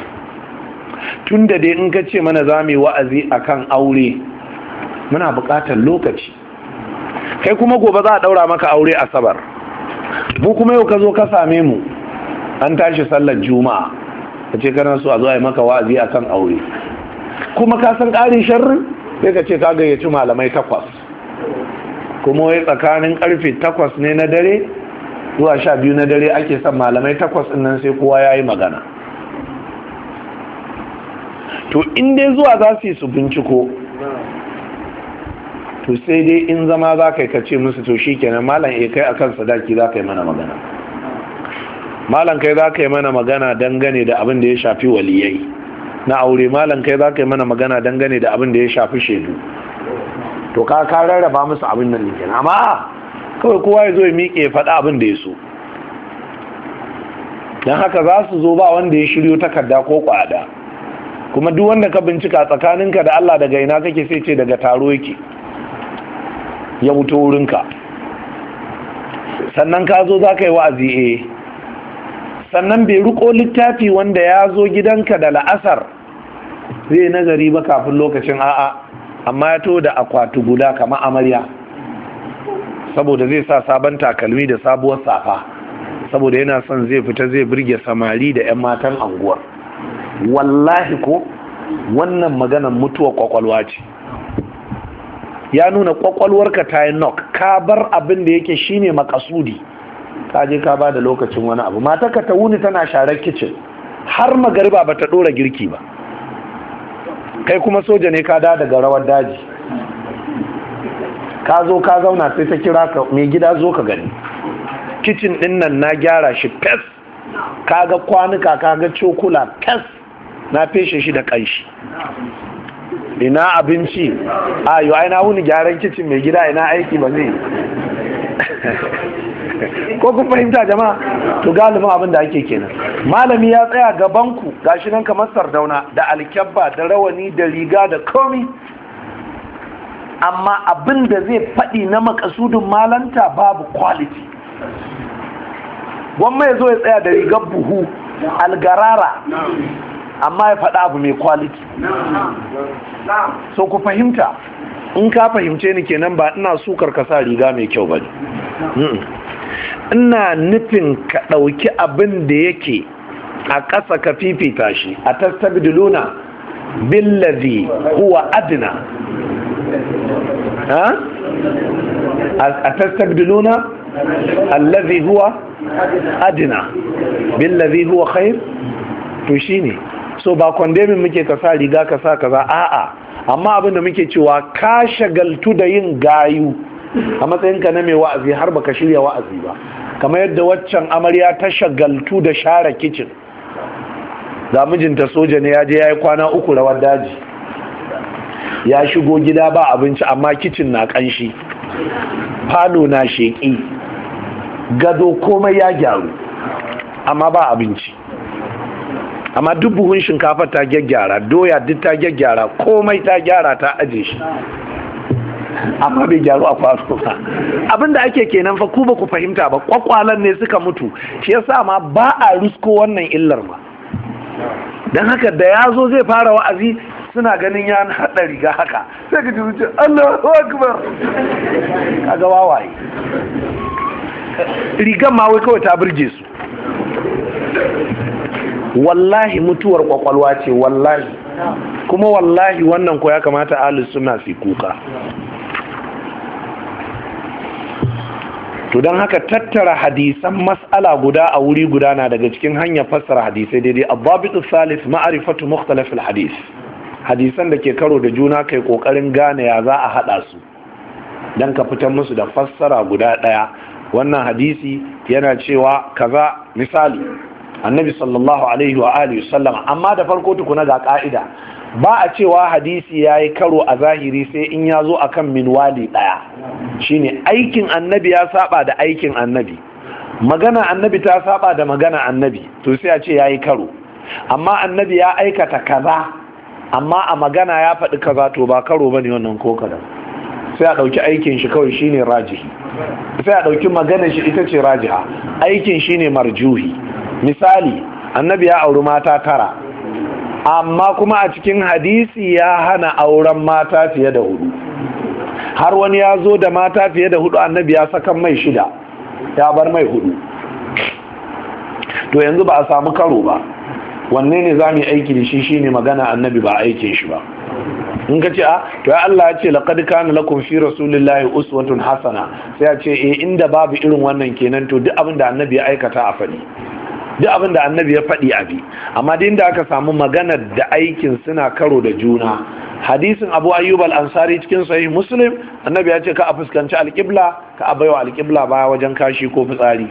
S1: tun da dai in ka ce mana za mu yi wa'azi akan aure muna buƙatar lokaci kai kuma gobe za a ɗaura maka aure asabar mu kuma yau ka zo ka same mu an tashi sallar juma'a ka ce kana so a zo a yi maka wa'azi akan aure kuma ka san ƙarin sharrin sai ka ce ka gayyaci malamai takwas kuma wai tsakanin ƙarfe takwas ne na dare zuwa sha biyu na dare ake son malamai takwas nan sai kowa ya yi magana to in dai zuwa za su yi su binciko to sai dai in zama za ka yi ka ce musu to shi kenan malam ya eh, kai akan sadaki za ka yi mana magana malam kai za ka yi mana magana dangane da abin da ya shafi waliyai na aure malam kai za ka yi mana magana dangane da abin da ya shafi shaidu to ka ka rarraba musu abin nan ne amma kawai kowa ya zo ya miƙe ya faɗa abin da ya so don haka za su zo ba wanda ya shiryo takarda ko kwada kuma duk wanda ka bincika tsakaninka da Allah daga ina kake sai ce daga taro yake ya wuto wurinka sannan ka zo za ka yi wa'azi eh sannan bai riko littafi wanda ya zo gidanka da la'asar zai nazari ba kafin lokacin a'a amma ya to da akwati guda kama amarya saboda zai sa sabon takalmi da sabuwar safa saboda yana son zai fita zai birge samari da 'yan matan anguwar wallahi ko wannan maganan mutuwa kwakwalwa ce ya nuna kwakwalwarka ta yi nok ka bar abin da yake shine makasudi ka je ka ba da lokacin wani abu ka ta wuni tana sharar kicin har magariba ba ta ɗora girki ba kai kuma soja ne ka da daga rawar daji ka zo ka zauna sai ta kira ka mai gida zo ka gani kicin din nan na gyara shi pes. ka ga kwanuka ka ga cokula pes. na feshe shi da ƙanshi ina abinci a yo ai wuni gyaran kicin mai gida ina aiki ba zai ko kun fahimta jama'a to galibin abin da ake kenan malami ya tsaya gaban ku gashi nan kamar sardauna da alkyabba da rawani da riga da komi amma abin da zai faɗi na makasudin malanta babu quality Gwamnati ya zo ya tsaya da rigar buhu algarara amma ya faɗa abu mai kwaliti. so ku fahimta in ka fahimce ni kenan ba ina sukar ka sa riga mai kyau ba hmm. ina nufin ka ɗauki abin da yake a ƙasa ka fifita shi a luna billazi huwa adina. a luna allazi huwa adina billazi huwa khair to shi ne. so ba kwandemin muke ka sa riga ka sa kaza a'a amma abin da muke cewa ka shagaltu da yin gayu a matsayinka na mai wa'azi har baka shirya wa'azi ba kamar yadda waccan amarya ta shagaltu da share kicin da mijinta soja ne ya je ya yi kwana uku rawar daji ya shigo gida ba abinci amma kicin na kanshi falo na sheƙi gado komai ya gyaru amma ba abinci amma duk buhun shinkafa ta gyaggyara doya duk ta gyaggyara komai ta gyara ta aje shi amma bai gyaru a kwaso ba abin da ake kenan fa ku ba ku fahimta ba kwakwalan ne suka mutu shi yasa ma ba a rusko wannan illar ma don haka da ya zo zai fara wa'azi suna ganin ya haɗa riga haka sai ka ji Allah akbar kaga wawaye rigan ma wai kawai ta burge su wallahi mutuwar kwakwalwa ce wallahi kuma wallahi wannan ko ya kamata alis suna fi kuka to don haka tattara hadisan mas'ala guda a wuri guda na daga cikin hanyar fassara hadisai daidai abbabitu salis ma'arifatu mukhtalafil hadis hadisan da ke karo da juna kai kokarin gane ya za a hada su don ka fitan musu da fassara guda daya wannan hadisi yana cewa kaza misali annabi sallallahu alaihi wa alihi sallama amma da farko tukuna ga ka'ida ba a cewa hadisi ya yi karo a zahiri sai in ya zo a kan minwali ɗaya shine aikin annabi ya saba da aikin annabi magana annabi ta saba da magana annabi to sai a ce ya yi karo amma annabi ya aikata kaza amma a magana ya faɗi kaza to ba karo ba ne wannan ko sai a ɗauki aikin shi kawai shine rajihi sai a ɗauki maganar shi ita ce rajiha aikin shine marjuhi misali annabi ya auri mata tara amma kuma a cikin hadisi ya hana auren mata fiye da hudu har wani ya zo da mata fiye da hudu annabi ya sakan mai shida ya bar mai hudu to yanzu ba a samu karo ba wanne ne za mu yi aiki da shi shine magana annabi ba aikin shi ba in ka ce a ah, to ya Allah ya ce laqad kana lakum fi rasulillahi uswatun hasana sai ya ce eh inda babu irin wannan kenan to duk abin da annabi ya aikata a fadi duk abin da annabi ya faɗi a bi amma din da aka samu maganar da aikin suna karo da juna hadisin abu ayyub ansari cikin sahih muslim annabi ya ce ka a fuskanci alƙibla ka a baiwa alƙibla baya wajen kashi ko fitsari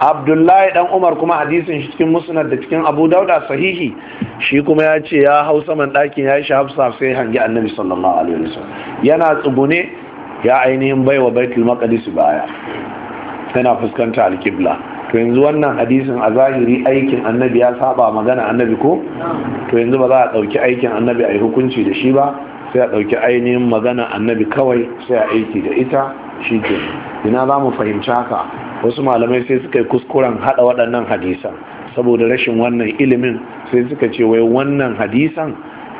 S1: abdullahi dan umar kuma hadisin shi cikin musnad da cikin abu dauda sahihi shi kuma ya ce ya hau saman ɗakin ya yi hafsa sai hangi annabi sallallahu alaihi wasallam yana tsugune ya ainihin baiwa baitul maqdis baya yana fuskanta alƙibla to yanzu wannan hadisin a zahiri aikin annabi ya saba magana annabi ko to yanzu ba za a ɗauki aikin annabi a yi hukunci da shi ba sai a ɗauki ainihin magana annabi kawai sai a aiki da ita shi ke ina za mu fahimci haka wasu malamai sai suka yi kuskuren haɗa waɗannan hadisan saboda rashin wannan ilimin sai suka ce wai wannan hadisan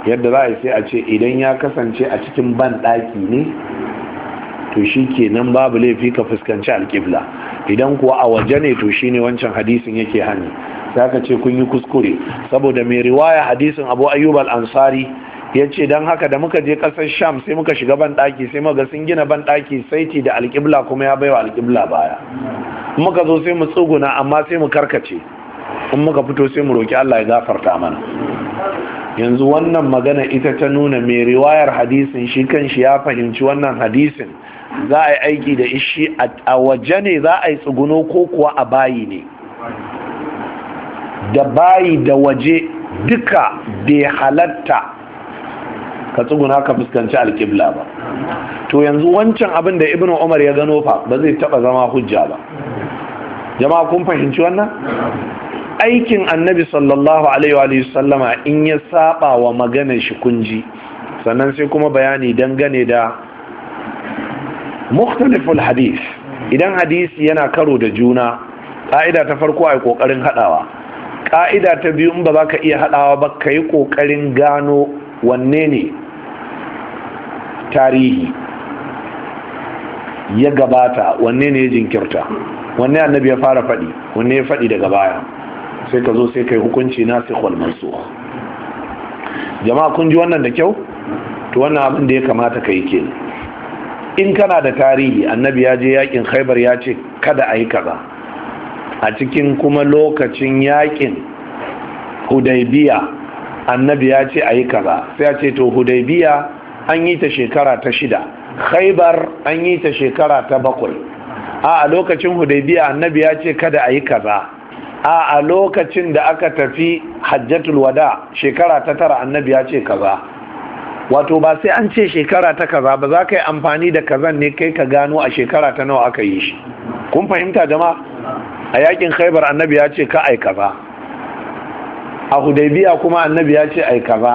S1: yadda za a yi sai a ce idan ya kasance a cikin ban ɗaki ne to shi kenan babu laifi ka fuskanci alƙibla idan kuwa a waje ne to shi ne wancan hadisin yake hani Za ka ce kun yi kuskure saboda mai riwaya hadisin abu ayyub al'ansari ansari ya ce don haka da muka je ƙasar sham sai muka shiga banɗaki sai muka sun gina banɗaki saiti da alƙibla kuma ya baiwa alƙibla baya muka zo sai mu tsuguna amma sai mu karkace in muka fito sai mu roki Allah ya gafarta mana yanzu wannan magana ita ta nuna mai riwayar hadisin shi kan shi ya fahimci wannan hadisin za a yi aiki da ishi a waje ne za a yi tsuguno ko kuwa a bayi ne da bayi da waje duka bai halatta ka tsuguna ka fuskanci alkibla ba to yanzu wancan abin da ibn umar ya gano fa ba zai taba zama hujja ba jama'a kun fahimci wannan aikin annabi sallallahu alaihi sallama in ya saba wa maganar shi kunji sannan sai kuma bayani dangane da mukhtaliful hadith idan hadisi yana karo da juna ƙa'ida ta farko a ƙoƙarin haɗawa ƙa'ida ta biyu in ba za ka iya haɗawa ba ka yi ƙoƙarin gano wanne ne tarihi ya gabata wanne ne jinkirta wanne annabi ya fara faɗi wanne ya faɗi daga baya sai ka zo sai kai hukunci na sikhwal mansukh jama'a kun ji wannan da kyau to wannan abin da ya kamata ka yi ke in kana da tarihi annabi ya je yakin khaybar ya ce kada a yi kaza a cikin kuma lokacin yakin Hudaybiya, annabi ya ce a yi kaza sai ya ce to Hudaybiya an yi ta shekara ta shida khaibar an yi ta shekara ta bakwai a lokacin Hudaybiya, annabi ya ce kada a yi kaza a a lokacin da aka tafi hajjatul wada shekara ta tara annabi ya ce kaza wato ba sai an ce shekara ta kaza ba za ka yi amfani da kazan ne kai ka gano a shekara ta nawa aka yi shi kun fahimta jama'a a yakin khaibar annabi ya ce ka ai kaza a hudaybiya kuma annabi ya ce ai kaza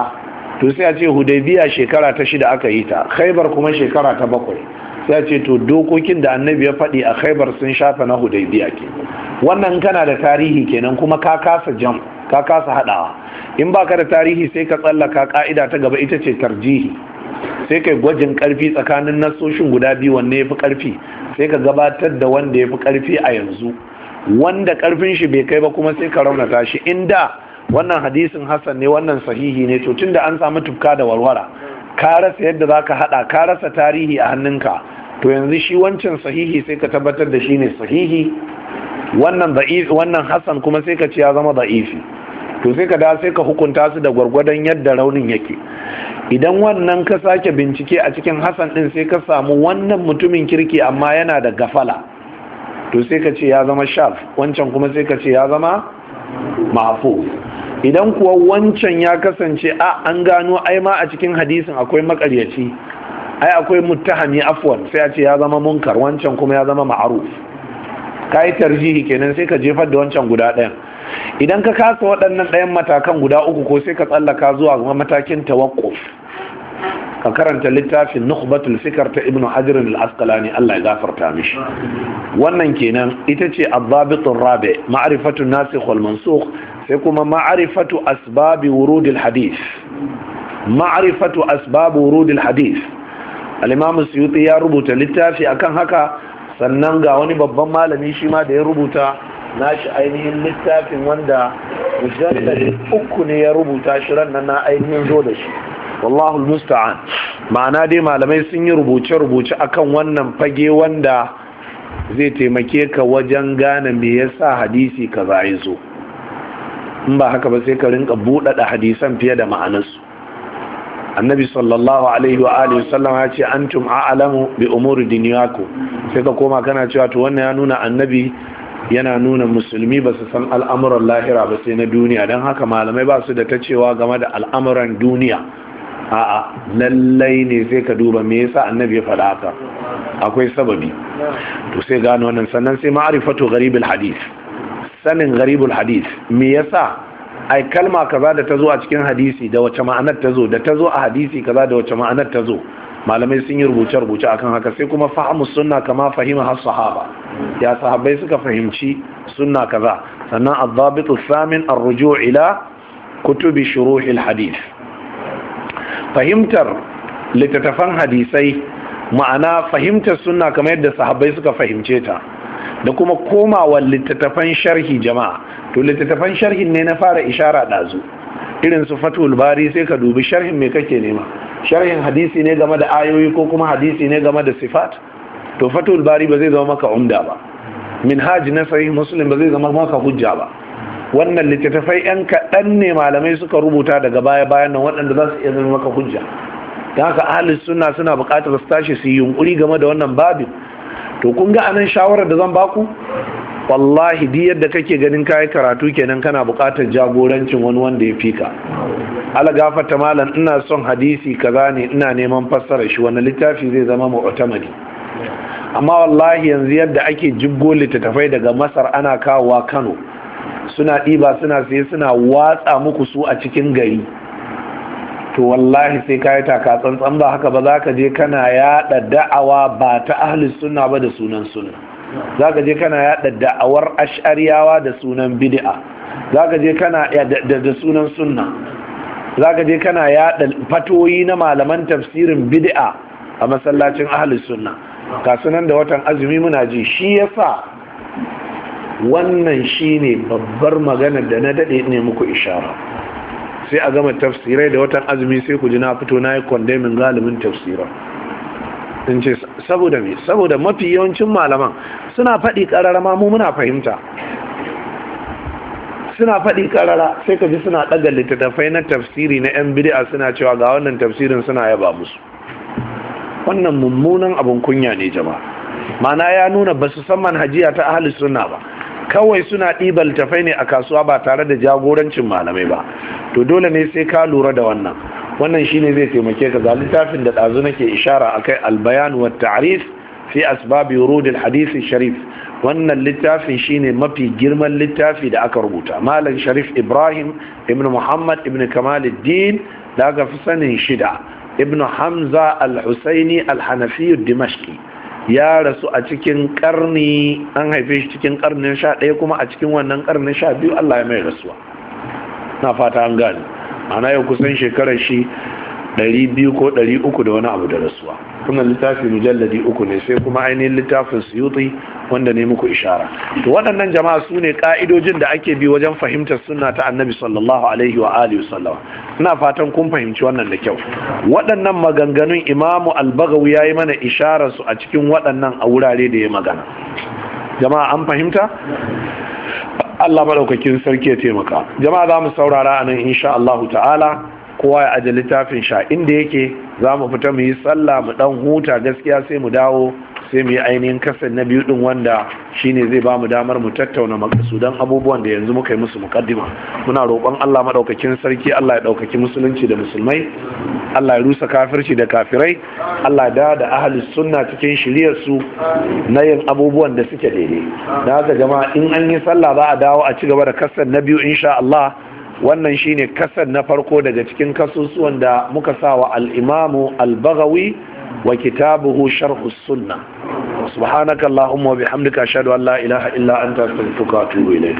S1: to sai a ce hudaybiya shekara ta shida aka yi ta khaibar kuma shekara ta bakwai ya ce to dokokin da annabi ya faɗi a khaibar sun shafa na hudaybiya ke wannan kana da tarihi kenan kuma ka kasa jam ka kasa haɗawa in baka da tarihi sai ka tsallaka ka'ida ta gaba ita ce tarjihi sai kai gwajin karfi tsakanin nasoshin guda biyu wanne yafi karfi sai ka gabatar da wanda ya fi karfi a yanzu wanda karfin shi bai kai ba kuma sai ka raunata shi inda wannan hadisin hasan ne wannan sahihi ne to tunda an samu tufka da warwara ka rasa yadda za ka haɗa ka rasa tarihi a hannunka to yanzu shi wancan sahihi sai ka tabbatar da shi ne sahihi wannan Hassan kuma sai ka ce ya zama da'ifi to sai ka da sai ka hukunta su da gwargwadon yadda raunin yake idan wannan ka sake bincike a cikin Hassan din sai ka samu wannan mutumin kirki amma yana da gafala to sai ka ce ya zama shaf wancan kuma sai ka ce ya zama mahfuz idan kuwa wancan ya kasance a an gano ai ma a cikin hadisin akwai makaryaci ai akwai muttahami afwan sai a ce ya zama munkar wancan kuma ya zama ma'aruf ka yi tarjihi kenan sai ka jefar da wancan guda ɗaya idan ka kasa waɗannan ɗayan matakan guda uku ko sai ka tsallaka zuwa matakin tawakkuf ka karanta littafin nukhbatul fikar ta ibnu hajar al-asqalani Allah ya gafarta mishi wannan kenan ita ce adzabitur rabi ma'rifatu nasikh wal mansukh sai kuma ma'rifatu asbabi wurud al-hadith ma'rifatu asbab wurud hadith al ya rubuta littafi akan haka sannan ga wani babban malami shi ma da ya rubuta nashi ainihin littafin wanda mujallar uku ne ya rubuta shi ran na ainihin zo da shi wallahu musta'an ma'ana dai malamai sun yi rubuce-rubuce akan wannan fage wanda zai taimake ka wajen gane me yasa hadisi ka ya zo in ba haka ba sai ka rinka buɗaɗa hadisan fiye da ma'anarsu annabi sallallahu alaihi wa alihi sallam ya ce antum a'lamu bi umuri duniyakum sai ka koma kana cewa to wannan ya nuna annabi yana nuna musulmi ba su san al'amuran lahira ba sai na duniya don haka malamai ba su da ta cewa game da al'amuran duniya a'a lallai ne sai ka duba me yasa annabi ya faɗa haka akwai sababi to sai gano wannan sannan sai ma'rifatu gharibul hadith sanin gharibul hadith me yasa ai kalma kaza da ta zo a cikin hadisi da wace ma'anar ta zo da ta zo a hadisi kaza da wace ma'anar ta zo malamai sun yi rubuce-rubuce akan haka sai kuma fahimu sunna kama fahima har sahaba ya sahabbai suka fahimci sunna kaza sannan azabitu samin ruju ila kutubi shuruhil hadith fahimtar littattafan hadisai ma'ana fahimtar suna kamar yadda sahabbai suka fahimce ta da kuma komawa littattafan sharhi jama'a to littattafan sharhin ne na fara ishara ɗazu irin su fatul bari sai ka dubi sharhin mai kake nema sharhin hadisi ne game da ayoyi ko kuma hadisi ne game da sifat to fatul bari ba zai zama maka umda ba Minhaji na sahih muslim ba zai zama maka hujja ba wannan littattafai yan kaɗan ne malamai suka rubuta daga baya bayan nan waɗanda za su iya zama maka hujja don haka ahalin suna suna buƙatar su tashi su yi yunƙuri game da wannan babin to kun ga anan shawarar da zan baku wallahi di yadda kake ganin kayi karatu kenan kana buƙatar jagorancin wani wanda ya fika ala gafarta malam ina son hadisi kaza ne ina neman fassara shi wani littafi zai zama mu'tamadi amma wallahi yanzu yadda ake jibgo littattafai daga masar ana kawowa kano suna ɗiba suna sai suna watsa muku su a cikin gari to wallahi sai ka yi taka tsantsan ba haka ba za ka je kana yaɗa da'awa ba ta ahli suna ba da sunan suna za ka je kana yaɗa da'awar ash'ariyawa da sunan bid'a za ka je kana da sunan sunna za ka je kana yaɗa fatoyi na malaman tafsirin bid'a a masallacin ahli sunna kasunan da watan azumi muna ji shi yasa wannan shine babbar magana da na dade ne muku ishara sai a gama tafsirai da watan azumi sai ku ji na fito na yi galibin tafsirar in ce saboda me saboda mafi yawancin malaman suna faɗi ma mu muna fahimta suna faɗi ƙarara sai ka ji suna ɗaga littattafai na tafsiri na 'yan biri'a suna cewa ga wannan tafsirin suna yaba musu wannan mummunan abin kunya ne jama'a mana ya nuna ba su san manhajiya ta ahli sunna ba kawai suna ɗiba littafai ne a kasuwa ba tare da jagorancin malamai ba to dole ne sai ka lura da wannan wannan shine zai taimake ka ga littafin da ɗazu nake ishara a kai albayan wa ta'rif fi asbabi wurud alhadith sharif wannan littafin shine mafi girman littafi da aka rubuta malam sharif ibrahim ibn muhammad ibn kamaluddin da fi sanin shida Ibnu hamza al-husaini al-hanafi dimashqi ya rasu a cikin karni an haife shi cikin karnin sha ɗaya kuma a cikin wannan karnin sha biyu Allah ya mai rasuwa na fata an gani ana yau kusan shekarar shi ɗari biyu ko ɗari uku da wani abu da rasuwa kuma littafi mujalladi uku ne sai kuma ainihin littafin suyuti wanda ne muku ishara to waɗannan jama'a su ne ka'idojin da ake bi wajen fahimtar sunna ta annabi sallallahu alaihi wa alihi sallama ina fatan kun fahimci wannan da kyau waɗannan maganganun imamu albagawi ya yi mana isharar su a cikin waɗannan a wurare da ya magana jama'a an fahimta Allah maɗaukakin sarki ya taimaka jama'a za mu saurara a nan insha Allahu ta'ala kowa ya aje littafin sha inda yake za mu fita mu yi sallah mu ɗan huta gaskiya sai mu dawo sai mu yi ainihin kasan na biyu din wanda shine zai ba mu damar mu tattauna don abubuwan da yanzu muka yi musu mukaddima muna roƙon Allah madaukakin sarki Allah ya ɗaukaki musulunci da musulmai Allah ya rusa kafirci da kafirai Allah da da ahli sunna cikin shiriyar su na yin abubuwan da suke daidai da haka jama'a in an yi sallah za a dawo a ci gaba da kasan na biyu insha Allah wannan shine kasan na farko daga cikin kasusuwan da muka sawa al-Imamu al-Baghawi wa kitabuhu sharhu sunna subhanaka allahumma wa bihamdika ashhadu an la ilaha illa anta astaghfiruka
S2: wa atubu ilayk